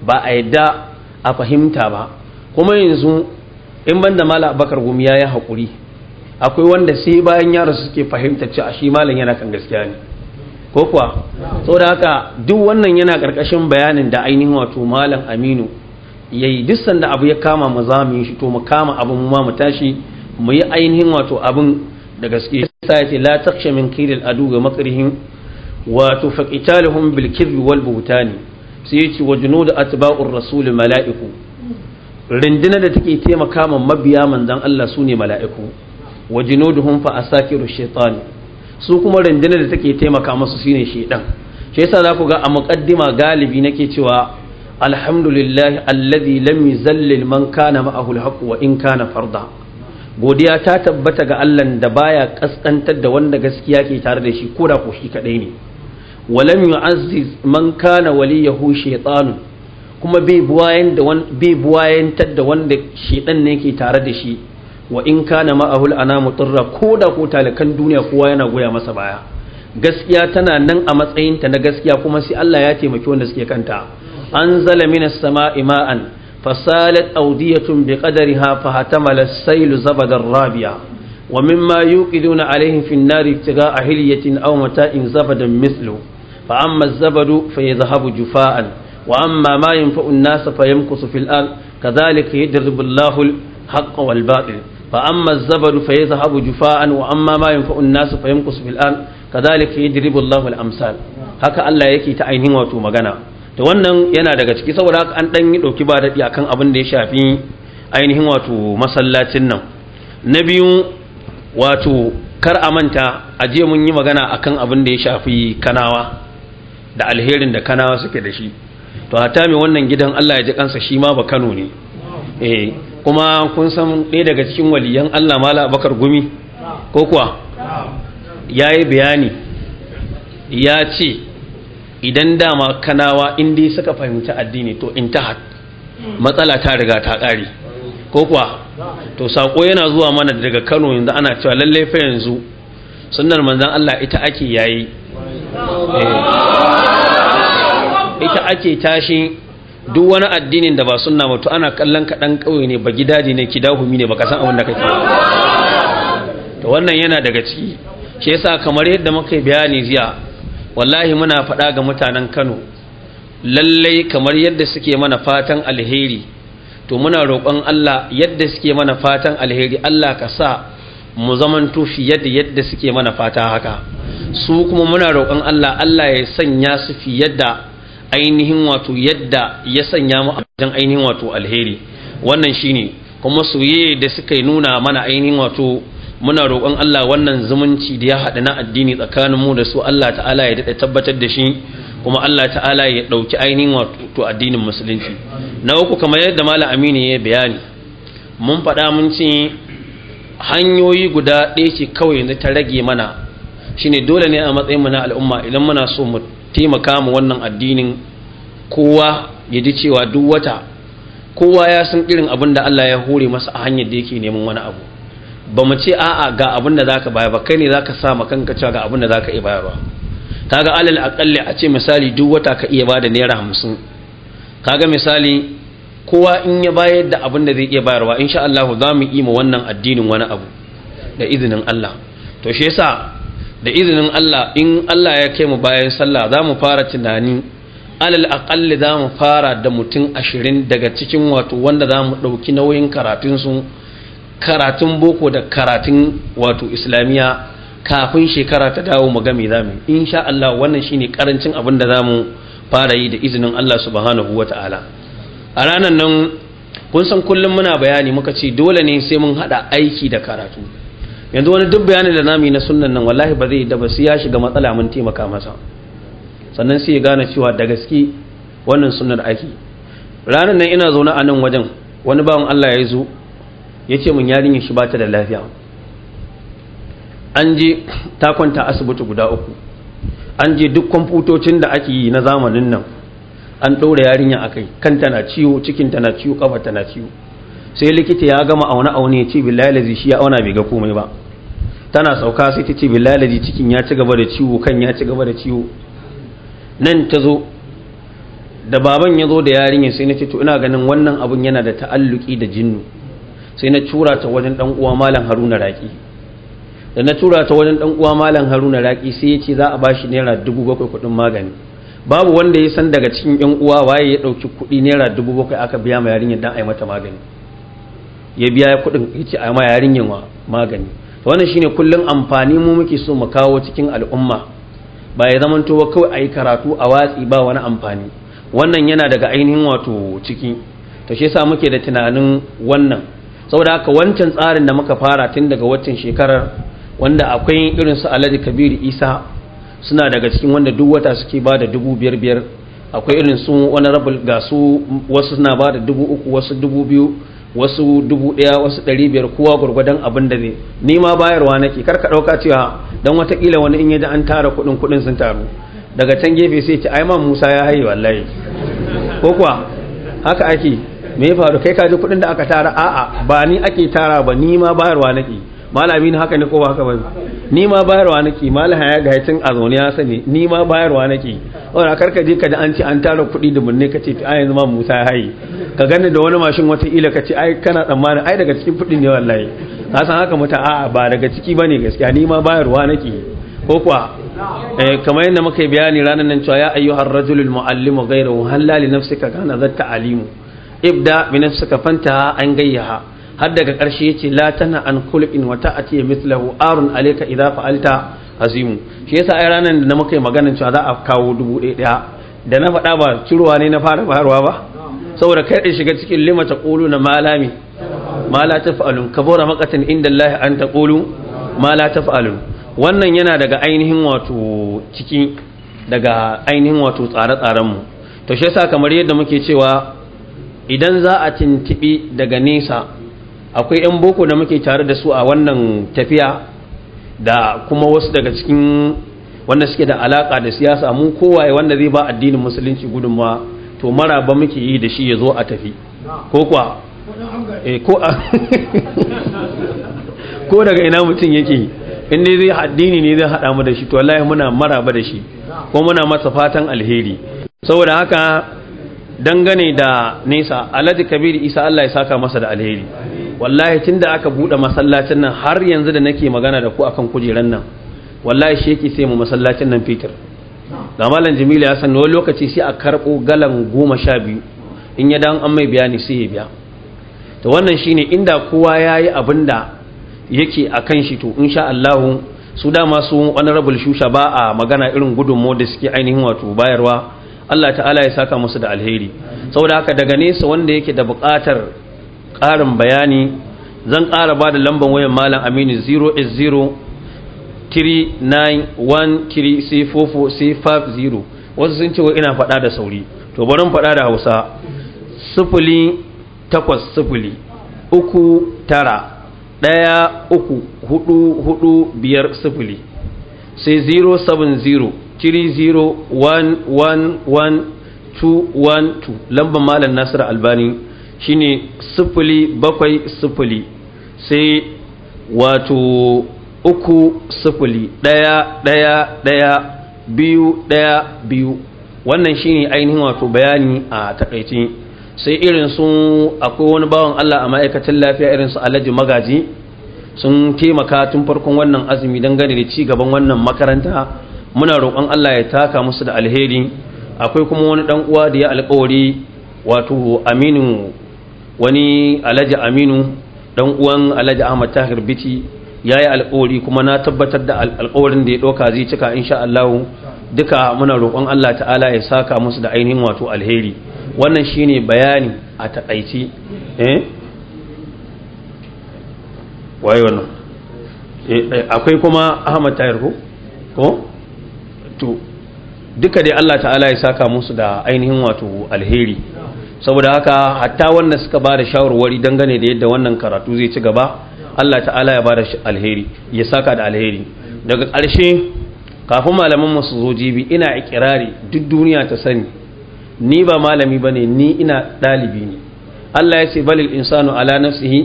ba a yadda a fahimta ba kuma yanzu in banda mala abakar gumi ya yi haƙuri akwai wanda sai bayan yaro suke fahimta cewa shi malam yana kan gaskiya ne ko kuwa da haka duk wannan yana karkashin bayanin da ainihin wato malam aminu yayi duk sanda abu ya kama mu za mu yi shi to mu kama abin mu ma mu tashi mu yi ainihin wato abin da gaske sai la min adu ga makrihim wato faqitalhum bil kirri wal buhtani sai yace wa junud atba'ur rasul mala'iku rindina da take taimaka mabiya manzon Allah sune mala'iku wa junuduhum fa asakiru shaytan su kuma rundunar da take taimaka musu shine shaydan shi yasa za ku ga a muqaddima galibi nake cewa alhamdulillahi alladhi lam yuzallil man kana ma'ahu alhaq wa in kana farda godiya ta tabbata ga Allah da baya kaskantar da wanda gaskiya ke tare da shi koda ko shi kadai ne walam yu'azziz man kana waliyahu shaytan kuma bai buwayen da wanda shaidan ne ke tare da shi wa in kana ma'ahul ana mutarra ko da ko talakan duniya kowa yana goya masa baya gaskiya tana nan a matsayinta na gaskiya kuma sai Allah ya taimaki wanda suke kanta an zala minas sama'i ma'an fasalat awdiyatun bi qadariha fa hatamala as-sailu zabadar rabiya wa mimma yuqiduna alaihim fi an-nar ibtigha'a hilyatin aw mata'in zabadan mithlu fa amma az-zabadu fayadhhabu jufa'an wa amma ma yanfa'u an-nas fayamkusu fil ard kadhalika yadribu Allahu al-haqqa wal batil fa amma فيذهب جفاء yadhhabu ما wa amma ma yanfa'u an-nas fa yanqus bil an amsal haka Allah yake ta ainihin wato magana to wannan yana daga ciki saboda haka an dan yi doki ba dadi akan abin da ya shafi ainihin wato masallacin nan na biyu wato kar a manta a je mun yi magana akan abin da ya shafi kanawa da alherin da kanawa suke da shi to hatta mai wannan gidan Allah ya ji kansa shi ma ba Kano ne eh kuma kun san ɗaya daga cikin waliyan Allah mala bakar gumi ko kuwa ya yi bayani ya ce idan dama kanawa inda suka fahimci addini to intahat matsala ta riga ta ƙare ko kuwa to saƙo yana zuwa mana daga kano yanzu ana cewa lallai fa yanzu sunnar manzan Allah ita ake yayi eh. ita ake tashi duk wani addinin da ba sunna ba to ana kallon ka dan kauye ne ba gidaje ne ki kidahumi ne ka san abin da kake to wannan yana daga ciki shi yasa kamar yadda muka bayani jiya wallahi muna faɗa ga mutanen Kano lallai kamar yadda suke mana fatan alheri to muna roƙon Allah yadda suke mana fatan alheri Allah ka sa mu zaman tufi yadda yadda suke mana fata haka su kuma muna roƙon Allah Allah ya sanya su fi yadda. ainihin wato yadda ya sanya mu a ainihin wato alheri wannan shine kuma soye da suka nuna mana ainihin wato muna roƙon Allah wannan zumunci da ya haɗa na addini tsakanin mu da su Allah ta'ala ya daɗa tabbatar da shi kuma Allah ta'ala ya ɗauki ainihin wato addinin musulunci na uku kamar yadda malam aminu ya bayani mun faɗa mun ce hanyoyi guda ɗaya ce kawai yanzu ta rage mana shine dole ne a matsayin mu na al'umma idan muna so mu taimaka mu wannan addinin kowa ya ji cewa duk wata kowa ya san irin abin da Allah ya hore masa a hanyar da yake neman wani abu ba mu ce a'a ga abin da zaka bayar ba kai ne zaka sa ma kanka cewa ga abin da zaka iya bayarwa kaga alal aqalli a ce misali duk wata ka iya bada naira 50 kaga misali kowa in ya bayar da abin da zai iya bayarwa insha Allah za mu yi mu wannan addinin wani abu da izinin Allah to shi yasa da izinin Allah in Allah ya kai mu bayan sallah za mu fara tunani alal aƙalli za mu fara da mutum ashirin daga cikin wato wanda za mu ɗauki nauyin karatun su, karatun boko da karatun wato islamiyya kafin shekara ta dawo mu game za mu insha Allah wannan shine karancin abin da za mu fara yi da izinin Allah subhanahu wa ta'ala a ranar nan kun san kullum muna bayani muka ce dole ne sai mun haɗa aiki da karatu yanzu wani duk bayani da nami na sunan nan wallahi ba zai da ba ya shiga matsala mun taimaka masa sannan sai ya gane cewa da gaske wannan sunnar ake ranar nan ina zaune a nan wajen wani bawan Allah ya zo ya ce min yarinyar shi ba ta da lafiya an je ta kwanta asibiti guda uku an je duk kwamfutocin da ake yi na zamanin nan an ɗora yarinya a kai kan tana ciwo cikin tana ciwo kafa tana ciwo sai likita ya gama aune aune ya ce billahi lazi shi ya auna bai ga komai ba tana sauka sai ta ce bilalaji cikin ya ci gaba da ciwo kan ya ci gaba da ciwo nan ta zo da baban ya zo da yarinya sai na ce to ina ganin wannan abun yana da ta'alluki da jinnu sai na tura ta wajen dan uwa malam Haruna Raki da na tura ta wajen dan uwa malam Haruna Raki sai ya ce za a bashi naira bakwai kuɗin magani babu wanda ya san daga cikin yan uwa waye ya dauki kuɗi naira bakwai aka biya ma yarinyar dan yi mata magani ya biya kudin ya ce yi ma yarinyar magani wannan shine kullun amfani mu muke so mu kawo cikin al'umma ba ya zaman to kawai yi karatu a watsi ba wani amfani wannan yana daga ainihin wato ciki to shi yasa muke da tunanin wannan saboda haka wancan tsarin da muka fara tun daga waccan shekarar wanda akwai irin su Alhaji Kabiru Isa suna daga cikin wanda duk wata suke ba da dubu biyar biyar akwai irin su wani rabul ga su wasu suna ba da dubu uku wasu dubu biyu wasu dubu ɗaya wasu ɗari biyar kowa gwargwadon abin da ne ni ma bayarwa nake kar ka ɗauka cewa dan watakila wani in yaji an tara kuɗin kuɗin sun taru daga can gefe sai ce ai ma Musa ya haye wallahi ko kuwa haka ake me ya faru kai ka ji kuɗin da aka tara a'a ba ni ake tara ba ni ma bayarwa nake malami haka ne ko ba haka ba ni ma bayarwa nake malaha ya ga tun a ya sani ni ma bayarwa nake kar karka je ka da an ci an tara kuɗi da munne ka ce ai yanzu ma Musa ya haye ka gani da wani mashin wata ila ka ce ai kana tsammani ai daga cikin kuɗi ne wallahi ka san haka muta a ba daga ciki bane gaskiya ni ma bayarwa nake ko kuwa eh kamar yadda muka yi bayani ranar nan cewa ya ayyuhar rajulul muallimu ghayruhu hal li nafsika kana zatta alimu ibda bi nafsika fanta an gayyaha har daga ƙarshe ce la tana an a wa ta'ati mithlahu arun alayka idza fa'alta azimu shi yasa ai ranar da na muka yi maganar cewa za a kawo dubu ɗaya da na faɗa ba ciruwa ne na fara bayarwa ba saboda kai in shiga cikin lima ta ƙulu na malami ma la ka bora maqatan inda Allah an ta ƙulu ma la fa'alun wannan yana daga ainihin wato ciki daga ainihin wato tsare-tsaren mu to shi yasa kamar yadda muke cewa idan za a tintibi daga nesa akwai 'yan boko da muke tare da su a wannan tafiya da kuma wasu daga cikin wanda suke da alaka da siyasa mun kowaye wanda zai ba addinin musulunci gudunmawa, to mara ba muke yi da shi ya zo a tafi ko kuwa eh, ko daga ina mutum yake in dai zai addini ne zai haɗa mu da shi to wallahi muna maraba da shi ko muna masa fatan alheri saboda haka dangane da nesa alhaji Kabiru isa allah ya saka masa da alheri wallahi tun da aka buɗe masallacin nan har yanzu da nake magana da ku akan kujeran nan wallahi sheki sai mu masallacin nan fitir ga malam jamilu ya sani wani lokaci sai a karɓo galan goma sha biyu in ya dan an mai bayani sai ya biya to wannan shine inda kowa yayi yi abin da yake a kan shi to insha Allahu su masu wani honorable shusha ba a magana irin gudunmu da suke ainihin wato bayarwa Allah ta'ala ya saka musu da alheri saboda haka daga nesa wanda yake da buƙatar ƙarin bayani zan ƙara ba da lambar wayan malam aminu 08039133440 wasu sun ce wa ina faɗa da sauri to barin faɗa da hausa sifili takwas sifili uku tara ɗaya uku hudu hudu biyar sifili sai 070 lambar malam Nasiru albani shine sifili bakwai sifili sai wato uku sifili ɗaya ɗaya ɗaya biyu ɗaya biyu wannan shine ainihin wato bayani a takaici sai irin su akwai wani bawan Allah a ma'aikatan lafiya irin su alhaji magaji sun taimaka tun farkon wannan azumi dangane da ci gaban wannan makaranta muna roƙon Allah ya taka musu da alheri akwai kuma wani dan uwa da ya alƙawari wato aminu wani alhaji aminu dan uwan alhaji ahmad tahir biti ya yi alkawari kuma na tabbatar da alkawarin da ya ɗauka zai cika insha Allah duka muna roƙon Allah ta'ala ya saka musu da ainihin wato alheri wannan shine bayani a taƙaice eh wai wannan eh, eh, akwai kuma Ahmad Tahir ko ko to duka dai Allah ta'ala ya saka musu da ainihin wato alheri saboda haka hatta wannan suka ba da shawarwari dangane da yadda wannan karatu zai ci gaba Allah ta'ala ya ba da alheri ya saka da alheri daga ƙarshe kafin malaman masu zo jibi ina ikirari duk duniya ta sani ni ba malami ba ne ni ina ɗalibi ne Allah ya ce balil insanu ala nafsihi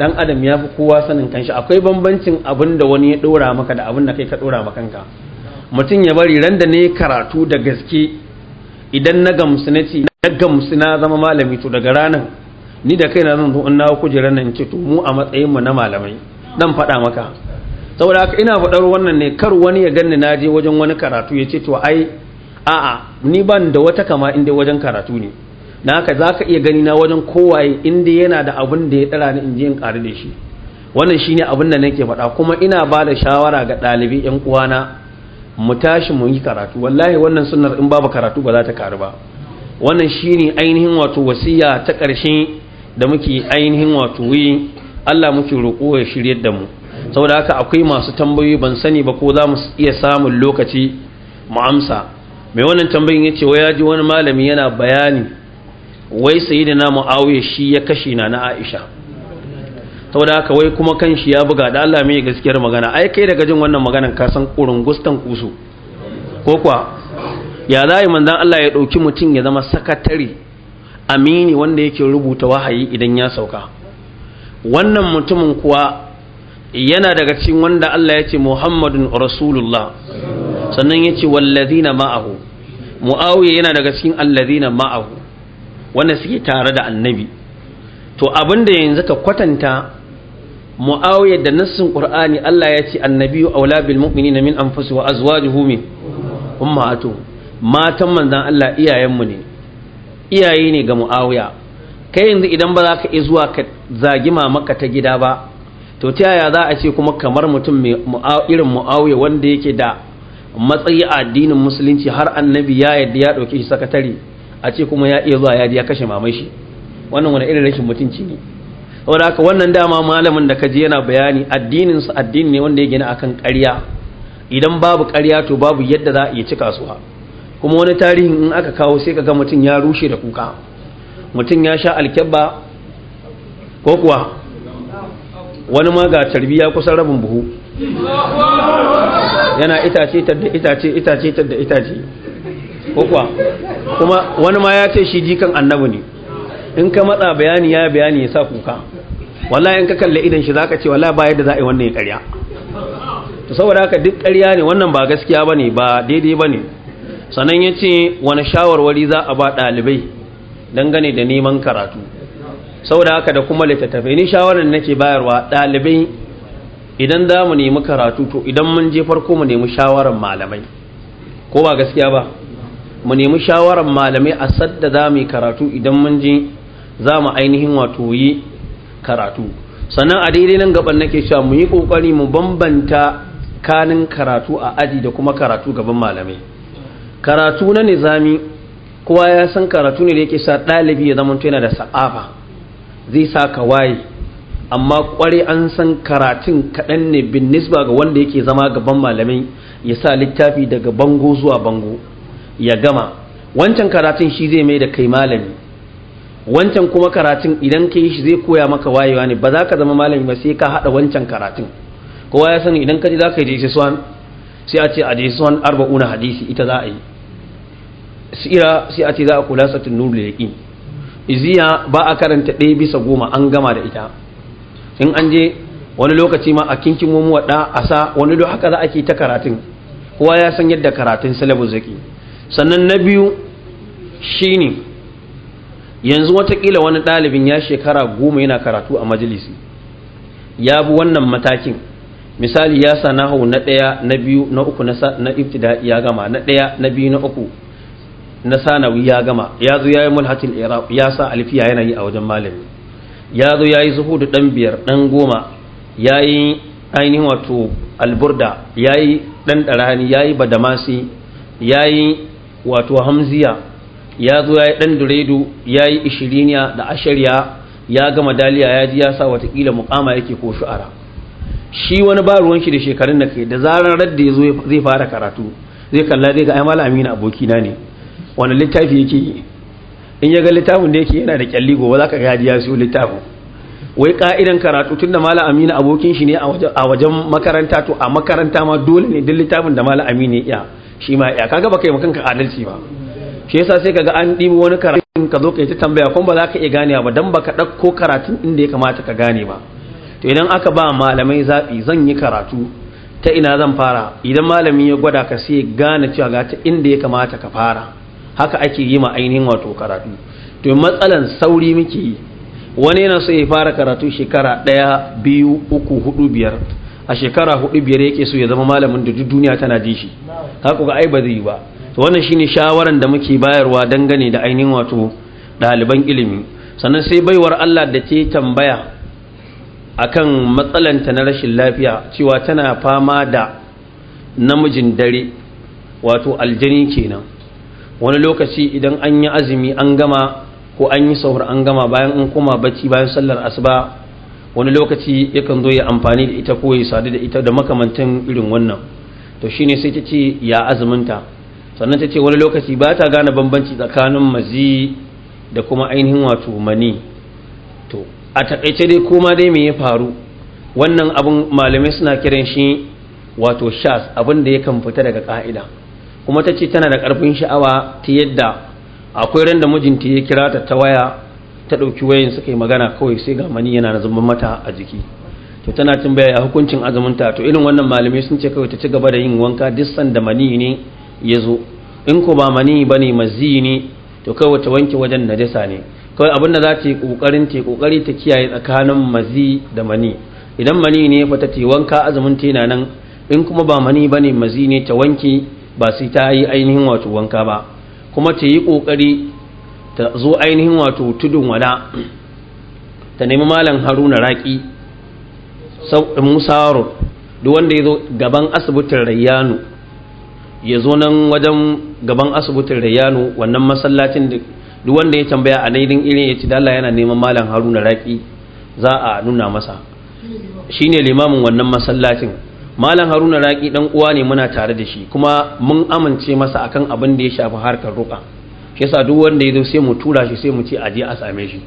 dan adam ya fi kowa sanin kanshi akwai bambancin abin da wani ya ɗora maka da abin da kai ka ɗora maka kanka mutum ya bari randa ne karatu da gaske idan na gamsu na ce gamsu na zama malami to daga ranar ni da kai na zan zo in na kujerar nan ce to mu a matsayin mu na malamai dan faɗa maka saboda haka ina faɗar wannan ne kar wani ya ganni na je wajen wani karatu ya ce to ai a'a ni ban da wata kama inda wajen karatu ne na haka za ka iya gani na wajen kowaye inda yana da abin da ya dara ni in je in ƙari da shi wannan shine abin da nake faɗa kuma ina ba da shawara ga ɗalibi ƴan uwana mu tashi mu yi karatu wallahi wannan sunnar in babu karatu ba za ta karu ba wannan shi ne ainihin wato wasiya ta ƙarshe da muke ainihin wato yi Allah muke roƙo ya shiryar da mu saboda haka akwai masu tambayoyi ban sani ba ko za mu iya samun lokaci mu amsa mai wannan tambayin ya wai ya ji wani malami yana bayani wai da sai namu Muawiya shi ya kashe na na Aisha saboda haka wai kuma kan shi ya buga da Allah mai gaskiyar magana ai kai daga jin wannan maganan ka san kurungustan kusu ko kwa ya za yi manzan Allah ya ɗauki mutum ya zama sakatare amini wanda yake rubuta wahayi idan ya sauka wannan mutumin kuwa yana daga cikin wanda Allah ya ce Muhammadun Rasulullah sannan ya ce wallazina ma'ahu Mu'awiyya yana daga cikin allazina ma'ahu wanda suke tare da annabi to abinda yanzu ka kwatanta mu'awiya da nassin qur'ani Allah ya ce annabiyu aula bil mu'minina min anfusihim wa azwajuhum ummahatuhum matan manzan Allah iyayenmu ne iyaye ne ga mu'awiya kai yanzu idan ba za ka iya zuwa ka zagi mamaka ta gida ba to ta yaya za a ce kuma kamar mutum mai irin mu'awiya wanda yake da matsayi a addinin musulunci har annabi ya yadda ya ɗauke shi sakatare a ce kuma ya iya zuwa ya ya kashe mamai shi wannan wani irin rashin mutunci ne saboda haka wannan dama malamin da ka kaji yana bayani addinin su addini ne wanda ya gina akan ƙarya idan babu ƙarya to babu yadda za a iya cika su kuma wani tarihin in aka kawo sai ka ga mutum ya rushe da kuka mutum ya sha alkyabba ko kuwa wani ma ga ya kusan rabin buhu yana itace tadda itace itace tadda itace ko kuwa kuma wani ma ya ce shi jikan annabi ne in ka matsa bayani ya bayani ya sa kuka Wala in ka kalle idan shi zaka ce wala ba yadda za a yi wannan ya karya. saboda haka duk karya ne wannan ba gaskiya bane ba daidai bane sannan ya ce wani shawarwari za a ba ɗalibai dangane da neman karatu saboda haka da kuma littattafai ni shawarar nake bayarwa ɗalibai idan za mu nemi karatu to idan mun je farko mu nemi shawarar malamai ko ba gaskiya ba mu nemi shawarar malamai a sadda za mu yi karatu idan mun je za mu ainihin wato yi karatu sannan a daidai nan gaban nake cewa mu yi ƙoƙari mu bambanta kanin karatu a aji da kuma karatu gaban malamai karatu na nizami kowa ya san karatu ne da yake sa ɗalibi ya zama yana da sa'afa zai sa ka waye amma kware an san karatun kaɗan ne bin nisba ga wanda yake zama gaban malamai ya sa littafi daga bango zuwa bango ya gama wancan karatun shi zai mai da kai malami wancan kuma karatun idan ka yi shi zai koya maka wayewa ne ba za ka zama malami ba sai ka haɗa wancan karatun kowa ya sani idan ka ji za ka yi jesuwan sai a ce a jesuwan arba'una hadisi ita za a yi sira sai a ce za a kula satin nuru da yaƙi iziya ba a karanta ɗaya bisa goma an gama da ita in an je wani lokaci ma a kinkin mu waɗa a sa wani do haka za a ke ta karatun kowa ya san yadda karatun salabu zaki sannan na biyu shine yanzu watakila wani ɗalibin ya shekara goma yana karatu a majalisi ya bi wannan matakin misali ya sa na hau na ɗaya na biyu na uku na ibtida ya gama na ɗaya na biyu na uku na sanawi ya gama ya zo ya yi mulhatul iraq ya sa alfiya yana yi a wajen malami ya zo ya yi zuhudu dan biyar dan goma ya yi ainihin wato alburda ya yi dan darani ya yi badamasi ya yi wato hamziya ya zo ya yi dan duredu ya yi ishiriniya da ashariya ya gama daliya ya ji ya sa watakila mukama yake ko shu'ara shi wani ba ruwan shi da shekarun da ke da zarar radda ya zo zai fara karatu zai kalla zai ga ai malam amina abokina ne wani littafi yake yi in ya ga littafin da yake yana da kyalli gobe za ka ga ya siyo littafin wai ka'idan karatu tun da mala amina abokin shi ne a wajen makaranta to a makaranta ma dole ne duk littafin da mala amina ya shi ma ya kaga baka yi makanka adalci ba shi yasa sai kaga an ɗibi wani karatun ka zo ka yi ta tambaya kuma ba za ka iya gane ba dan baka ɗauko karatun inda ya kamata ka gane ba to idan aka ba malamai zaɓi zan yi karatu ta ina zan fara idan malamin ya gwada ka sai gane cewa ga ta inda ya kamata ka fara haka ake yi ma ainihin wato karatu to matsalan sauri muke yi wani yana so ya fara karatu shekara ɗaya biyu uku hudu biyar a shekara hudu biyar yake so ya zama malamin da duk duniya tana ji shi haka ga ai ba zai yi ba to wannan shine shawaran da muke bayarwa dangane da ainihin wato ɗaliban ilimi sannan sai baiwar Allah da ta tambaya akan matsalanta na rashin lafiya cewa tana fama da namijin dare wato aljani kenan wani lokaci idan an yi azumi an gama ko an yi sahur an gama bayan an koma bacci bayan sallar asuba wani lokaci yakan zo ya amfani da ita ko ya sadu da ita da makamantan irin wannan to shine sai ta ce ya azuminta sannan ta ce wani lokaci ba ta gane bambanci tsakanin mazi da kuma ainihin wato mani to a takaice dai koma dai me ya faru wannan abin malamai suna kiran shi wato shas abin da yakan fita daga ka'ida kuma ta ce tana da ƙarfin sha'awa ta yadda akwai ran da mijinta ya kira ta ta waya ta ɗauki wayan suka yi magana kawai sai ga mani yana zama mata a jiki to tana tambaya a hukuncin azumunta, to irin wannan malamai sun ce kawai ta ci gaba da yin wanka duk sanda mani ne ya zo in ko ba mani ne mazi ne to kawai ta wanke wajen najasa ne kawai abin da za ta yi ƙoƙarin ta yi ƙoƙari ta kiyaye tsakanin mazi da mani idan mani ne fa ta wanka azumunta yana nan in kuma ba mani ne mazi ne ta wanke ba sai ta yi ainihin wato wanka ba kuma ta yi ƙoƙari ta zo ainihin wato tudun wada ta nemi malam haruna raƙi musa duk wanda ya zo gaban asibitin rayyano ya zo nan wajen gaban asibitin rayyano wannan masallacin da duk wanda ya tambaya a naidin irin ya ci dala yana neman malam haruna raƙi za a nuna masa shine limamin wannan masallacin malam haruna Raƙi ɗan uwa ne muna tare da shi kuma mun amince masa akan abin da ya shafi harkar ruka shi yasa duk wanda ya zo sai mu tura shi sai mu ce aje a same shi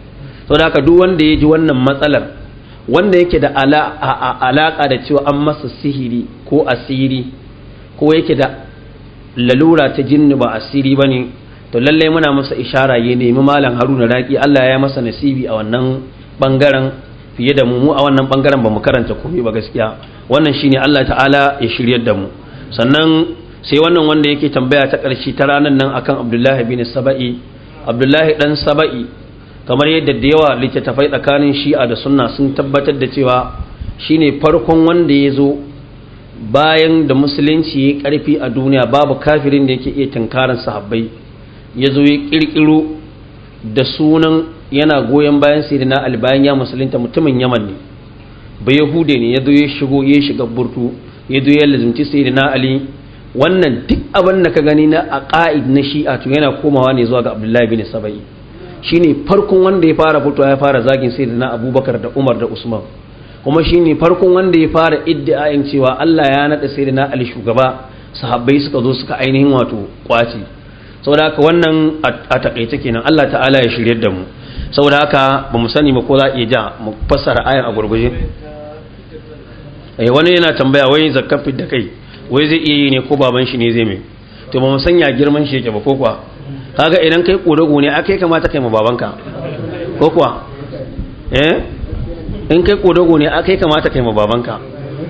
saboda haka duk wanda ya ji wannan matsalar wanda yake da alaka da cewa an masa sihiri ko asiri ko yake da lalura ta jinni ba asiri ba ne to lallai muna masa ishara ya nemi malam haruna Raƙi allah ya masa nasibi a wannan bangaren fiye da mu mu a wannan bangaren ba mu karanta komai ba gaskiya wannan shine Allah ta'ala ya shiryar da mu sannan sai wannan wanda yake tambaya ta ƙarshe ta ranar nan akan Abdullahi bin Saba'i Abdullahi dan Saba'i kamar yadda da yawa littattafai tsakanin Shi'a da Sunna sun tabbatar da cewa shine farkon wanda ya zo bayan da musulunci ya karfi a duniya babu kafirin da yake iya tunkarin sahabbai ya zo ya ƙirƙiro da sunan yana goyon bayan sirina ali bayan ya musulunta mutumin yaman ne ba yahude ne ya zo ya shigo ya shiga burtu ya zo ya lazumci sirina ali wannan duk abin da ka gani na ƙa'id na shi'a to yana komawa ne zuwa ga abdullahi bin sabai shine farkon wanda ya fara fitowa ya fara zagin sirina abubakar da umar da usman kuma shine farkon wanda ya fara iddiayin cewa Allah ya naɗa sirina ali shugaba sahabbai suka zo suka ainihin wato kwaci saboda haka wannan a takaice kenan Allah ta'ala ya shiryar da mu saboda haka ba mu sani ba ko za a iya ja mu fassara ayan a gurguje eh, wani yana tambaya wai zakka da kai wai zai iya yi ne ko baban shi ne zai mai to ba mu sanya girman shi yake ba ko kuwa kaga idan kai kodago ne aka kamata kai ma babanka ko kuwa eh in kai kodago ne aka kamata kai ma babanka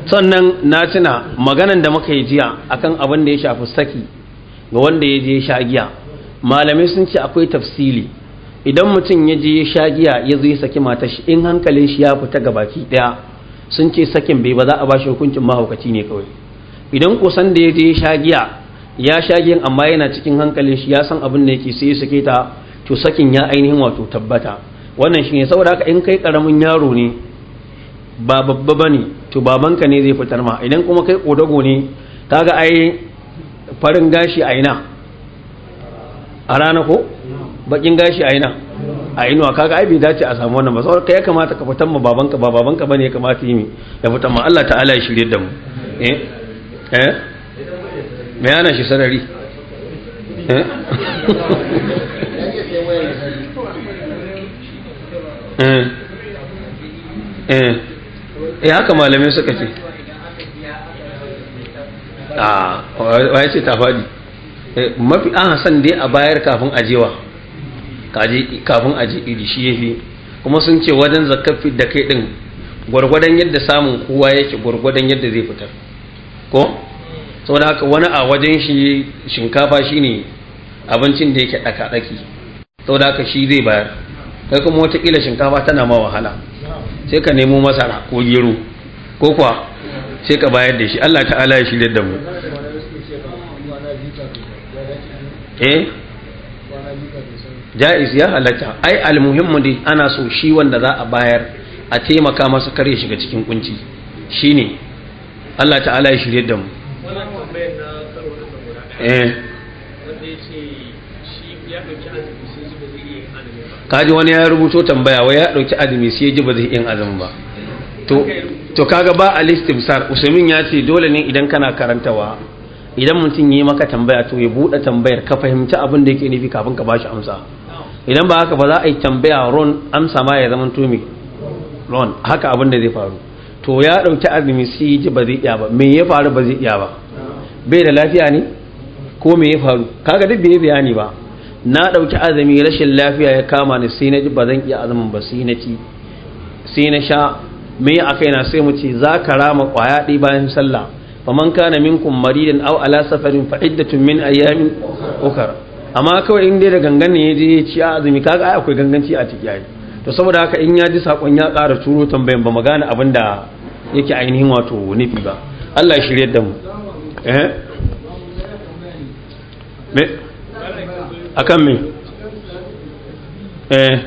sannan na tuna maganan da muka yi jiya akan abin da ya shafi saki ga wanda ya je sha giya malamai sun ce akwai tafsili idan mutum ya je ya sha giya ya zo ya saki matar shi in hankalin shi ya fita baki daya sun ce sakin bai ba za a bashi hukuncin mahaukaci ne kawai idan kusan da ya je ya sha giya ya sha giyan amma yana cikin hankalin shi ya san abin da yake sai ya sake ta to sakin ya ainihin wato tabbata wannan shi ne saboda haka in kai karamin yaro ne ba babba bane to babanka ne zai fitar ma idan kuma kai kodago ne kaga ai farin gashi a ina a rana ko bakin gashi a ina a inuwa kaga ai bai dace a samu wannan ba saboda kai ya kamata ka fitan ma babanka ba babanka bane ya kamata yi ya fitan ma Allah ta'ala ya shirye da mu eh eh me yana shi sarari eh? eh eh eh haka malamai suka ce a ah, wai ce ta faɗi eh, mafi an hasan dai a bayar kafin ajewa kafin a ji iri shi yafi kuma sun ce wajen zakafi da kai din gwargwadon yadda samun kowa yake gwargwadon yadda zai fitar ko saboda haka wani a wajen shi shinkafa shine abincin da yake daka daki saboda haka shi zai bayar kai kuma wataƙila shinkafa tana ma wahala sai ka nemo masara ko gero ko kuwa sai ka bayar da shi Allah ta'ala ya shirya da mu eh ja'iz ya halatta ai almuhimmu dai ana so shi wanda za a bayar a taimaka masa kare shiga cikin kunci shine Allah ta'ala ya shirye da mu kaji eh. wani ya rubuto tambaya wai ya dauki azumi sai ji ba zai yin azumi ba to to kaga ba al-istimsar usaimin ya ce dole ne idan kana karantawa idan mutum yi maka tambaya to ya buɗe tambayar ka fahimci abin da yake nufi kafin ka bashi amsa idan ba haka ba za a yi tambaya ron amsa ma ya zama tumi ron haka abin da zai faru to ya ɗauki azumi sai ya ji ba zai iya ba me ya faru ba zai iya ba bai da lafiya ne ko me ya faru kaga duk bai bayani ba na ɗauki azumi rashin lafiya ya kama ni sai na ji ba zan iya azumin ba sai na ci sai na sha me a kaina sai mu ce za ka rama kwaya ɗi bayan sallah faman kana minkum maridin aw ala safarin fa iddatun min ayyamin ukhra amma kawai in dai da gangan ne ya je ya ci azumi kaga ai akwai ganganci a ciki ai to saboda haka in ya ji sakon ya ƙara turo tambayan ba magana abin da yake ainihin wato nufi ba Allah ya shirye da mu eh me akan me eh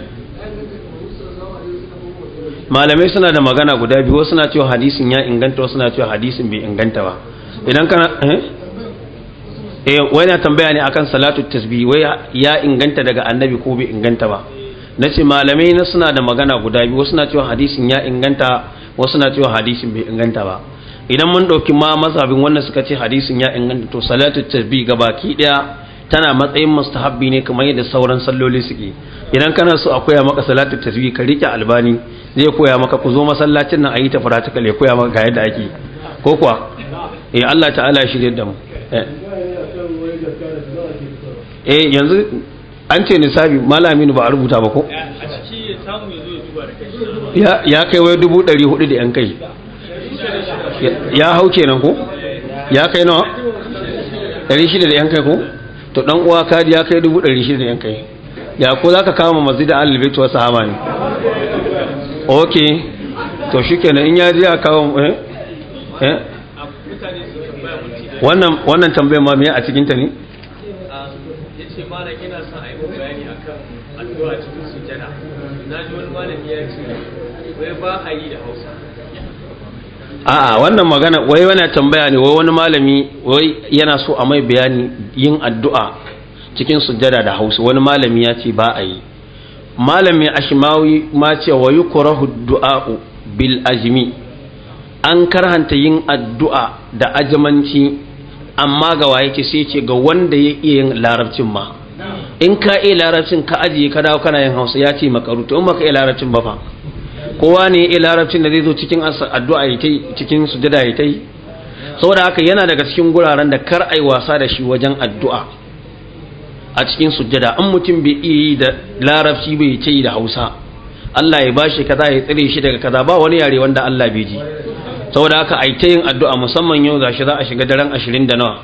malamai suna da magana guda biyu suna cewa hadisin ya inganta wasu suna cewa hadisin bai inganta ba idan kana eh E wai na tambaya ne akan salatu tasbih wai ya inganta daga annabi ko bai inganta ba nace malamai na suna da magana guda biyu wasu na cewa hadisin ya inganta wasu na cewa hadisin bai inganta ba idan mun dauki ma mazhabin wannan suka ce hadisin ya inganta to salatu tasbih gabaki daya tana matsayin mustahabbi ne kamar yadda sauran salloli suke idan kana so a koya maka salatu tasbih ka rike albani zai koya maka ku zo masallacin nan ayi ta ta kale koya maka ga yadda ake ko kuwa eh Allah ta'ala shi da mu eh. eh yanzu an ce nisabi malamin ba a rubuta ba ko ya kai wai dubu ɗari hudu da yan kai ya hau kenan ko ya kai nawa ɗari shida da yan kai ko to ɗan uwa kadi ya kai dubu ɗari shida da yan kai ya ko za ka kama masjid al-bait wasu sahaba ne ok to shikenan in ya ji a kawo eh, eh. wannan tambayar ma me a cikin ta ne zuwa cikin sujada na ji wani malami ya ce wai ba a yi da hausa a'a wannan magana wai wani tambaya ne wai wani malami wai yana so a mai bayani yin addu'a cikin sujada da hausa wani malami ya ce ba a yi malami ashimawi ma ce wa yi kurahu du'a'u bil ajmi an karhanta yin addu'a da ajamanci amma ga waye ce sai ce ga wanda ya iya yin larabcin ma in ka iya larabcin ka ajiye ka dawo kana yin hausa ya ce makaru to in baka iya larabcin ba fa kowa ne iya larabcin da zai zo cikin addu'a ya ta cikin sujada ya ta yi saboda haka yana daga cikin guraren da kar ai wasa da shi wajen addu'a a cikin sujada an mutum bai iya yi da larabci bai ce da hausa Allah ya bashi kaza ya tsire shi daga kaza ba wani yare wanda Allah bai ji saboda haka ai ta yin addu'a musamman yau za shi za a shiga daren ashirin da nawa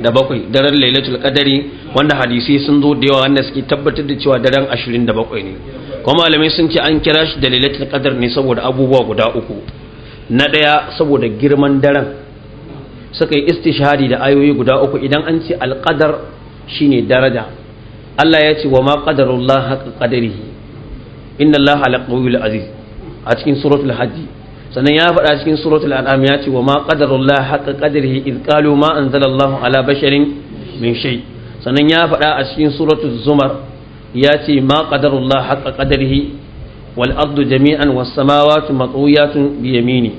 da bakwai daren lailatul qadari wanda hadisi sun zo da yawa wanda suke tabbatar da cewa daren 27 ne kuma malamai sun ce an kira shi dalilatul qadar ne saboda abubuwa guda uku na daya saboda girman daren suka yi istishhadi da ayoyi guda uku idan an ce alqadar shine daraja Allah ya ce wa ma qadarullah haqa qadarihi inna Allah ala qawiyul aziz a cikin suratul hajj sannan ya faɗa cikin suratul al'am ya ce wa ma qadarullah haqa qadrihi id qalu ma anzalallahu ala basharin min shay sannan ya faɗa a cikin suratu zumar ya ce ma qadarullah wal'adu qadarihi wal jami'an was ya tun biya yamini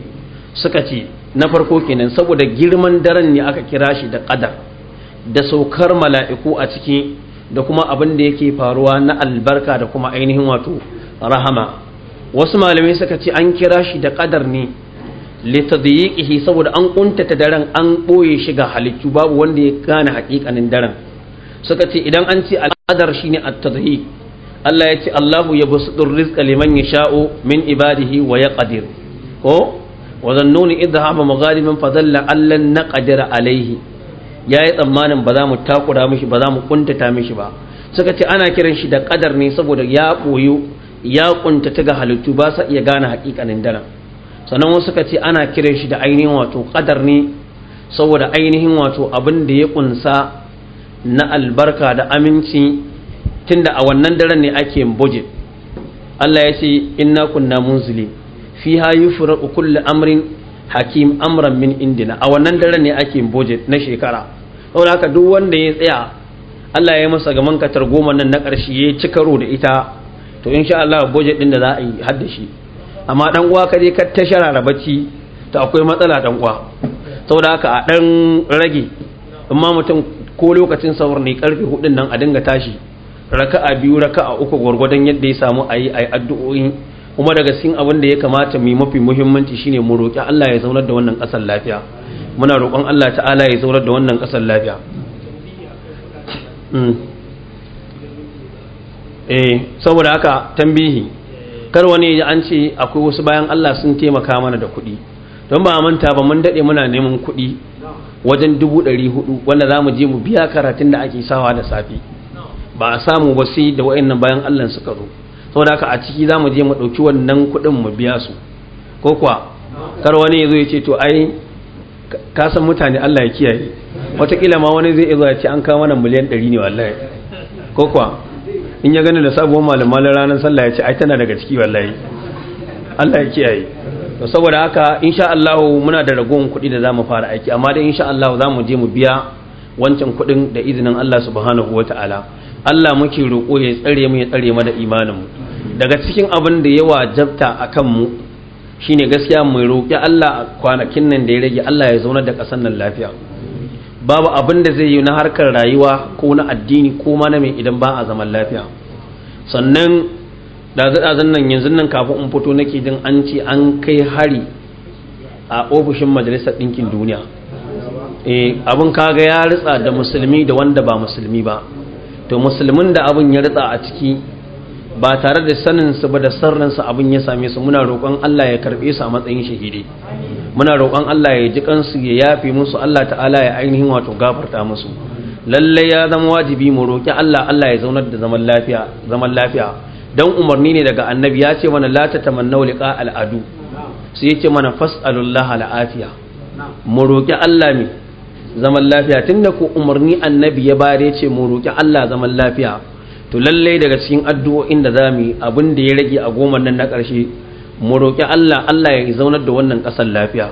suka ce na farko kenan saboda girman daren ne aka kira shi da ƙadar da saukar mala'iku a ciki da kuma abin da yake faruwa na albarka da kuma ainihin wato rahama wasu malamai suka ce an kira shi da ƙadar ne litadiyiqihi saboda an ƙuntata daren an ɓoye shi ga halittu babu wanda ya gane haƙiƙanin daren suka ce idan an ce al'adar ne at-tadhi Allah ya ce Allahu yabsutur rizqa liman yasha'u min ibadihi wa yaqdir ko wa zannuni idh dhahaba allah fadalla allan alaihi, alayhi yayi tsammanin ba za mu takura mishi ba za mu kuntata mishi ba suka ce ana kiran shi da qadar ne saboda ya boyu ya kuntata ga halittu ba sa iya gane hakikanin dana sannan wasu suka ce ana kiran shi da ainihin wato qadar ne saboda ainihin wato abin da ya kunsa na albarka da aminci tunda a wannan daren ne ake yin Allah ya ce inna kunna munzili fiha yufraqu kullu amrin hakim amran min indina a wannan daren ne ake yin na shekara saboda haka duk wanda ya tsaya Allah ya masa gaman katar goma nan na ƙarshe ya ci karo da ita to insha Allah budget din da za a yi da shi amma dan uwa ka ka tashara da bacci to akwai matsala dan uwa saboda haka a dan rage amma mutum ko lokacin sahur ne karfe hudun nan a dinga tashi raka'a biyu raka'a uku gwargwadon yadda ya samu ayi ayi addu'o'i kuma daga cikin abin da ya kamata mu mafi muhimmanci shine mu roki Allah ya zaunar da wannan kasar lafiya muna roƙon Allah ta'ala ya zaunar da wannan kasar lafiya hmm. eh saboda haka tambihi kar wani ya an ce akwai wasu bayan Allah sun taimaka mana da kuɗi don ba a manta ba mun daɗe muna neman kuɗi wajen dubu ɗari hudu wanda za mu je mu biya karatun da ake sawa da safi ba a samu ba sai da wa'annan bayan allah suka zo saboda haka a ciki za mu je mu ɗauki wannan kuɗin mu biya su ko kuwa kar wani ya zo ya ce to ai ka san mutane allah ya kiyaye watakila ma wani zai zo ya ce an kawo mana miliyan ɗari ne wallahi ko kuwa in ya gani da sabuwar malamai ranar sallah ya ce ai tana daga ciki wallahi allah ya kiyaye to saboda haka insha Allah muna da ragon kuɗi da zamu fara aiki amma dai insha Allah zamu je mu biya wancan kuɗin da izinin Allah subhanahu wataala Allah muke roƙo ya tsare mu ya tsare mu da imanin mu daga cikin abin da yawa jabta akan mu shine gaskiya mu roƙi Allah kwanakin nan da ya rage Allah ya zauna da ƙasar nan lafiya babu abin da zai yi na harkar rayuwa ko na addini ko ma na mai idan ba a zaman lafiya sannan dazu ɗazun nan yanzu nan kafin in fito nake jin an ce an kai hari a ofishin majalisar ɗinkin duniya eh, abin kaga ya ritsa da musulmi da wanda ba musulmi ba to musulmin da abin ya ritsa a ciki ba tare da sanin su ba da su abin ya same su muna roƙon Allah ya karɓe su a matsayin shahidi muna roƙon Allah ya ji kansu ya yafe musu Allah ta'ala ya ainihin wato gafarta musu lallai ya zama wajibi mu roƙi Allah Allah ya zaunar da zaman lafiya zaman lafiya dan umarni ne daga annabi ya ce mana la tatamannaw liqa al'adu sai yake mana fas'alullah afiya mu roki Allah mi zaman lafiya tunda ko umarni annabi ya bare ce mu roki Allah zaman lafiya to lalle daga cikin addu'o'in da zamu yi abin da ya rage a goma nan na ƙarshe mu roki Allah Allah ya zaunar da wannan ƙasar lafiya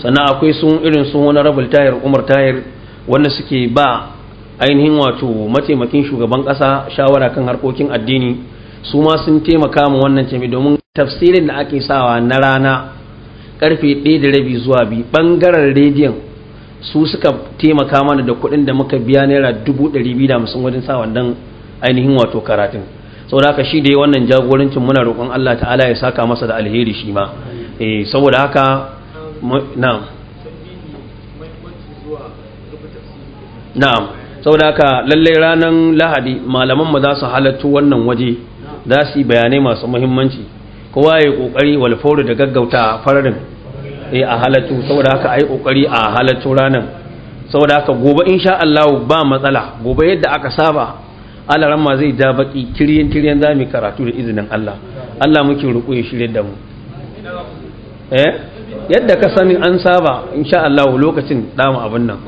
sannan akwai sun irin sun wani rabul tayar umar tayar wanda suke ba ainihin wato mataimakin shugaban ƙasa shawara kan harkokin addini su ma sun taimaka mu wannan tafi domin tafsirin da ake sawa na rana karfe 1 da rabi zuwa 2 bangaren rediyon su suka taimaka mana da kuɗin da muka biya naira 250 wajen sa wannan ainihin wato karatun saboda haka shi da ya wannan jagorancin muna roƙon Allah ta'ala ya saka masa da alheri shi ma eh saboda haka na'am na'am saboda haka lallai ranar lahadi malaman mu za su halattu wannan waje za su yi bayanai masu muhimmanci kowa ya yi kokari walfauru da gaggauta fararin eh, a halatu saboda haka a yi kokari a halatu ranar saboda haka gobe insha Allah ba matsala gobe yadda aka saba alaran ma zai ja baki kiryen kiryen za mu karatu da izinin Allah Allah muke ruku ya shirye da mu eh yadda ka sani an saba insha Allah lokacin damu abin nan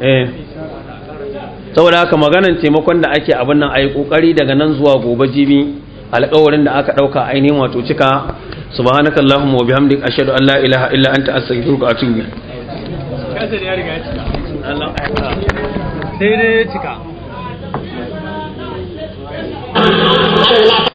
eh saboda haka maganan taimakon da ake abin nan ayi kokari daga nan zuwa gobe jibi alƙawarin da aka ɗauka ainihin wato cika subhanaka allahumma wa bihamdik ashhadu an la ilaha illa anta astaghfiruka wa atubu ilaik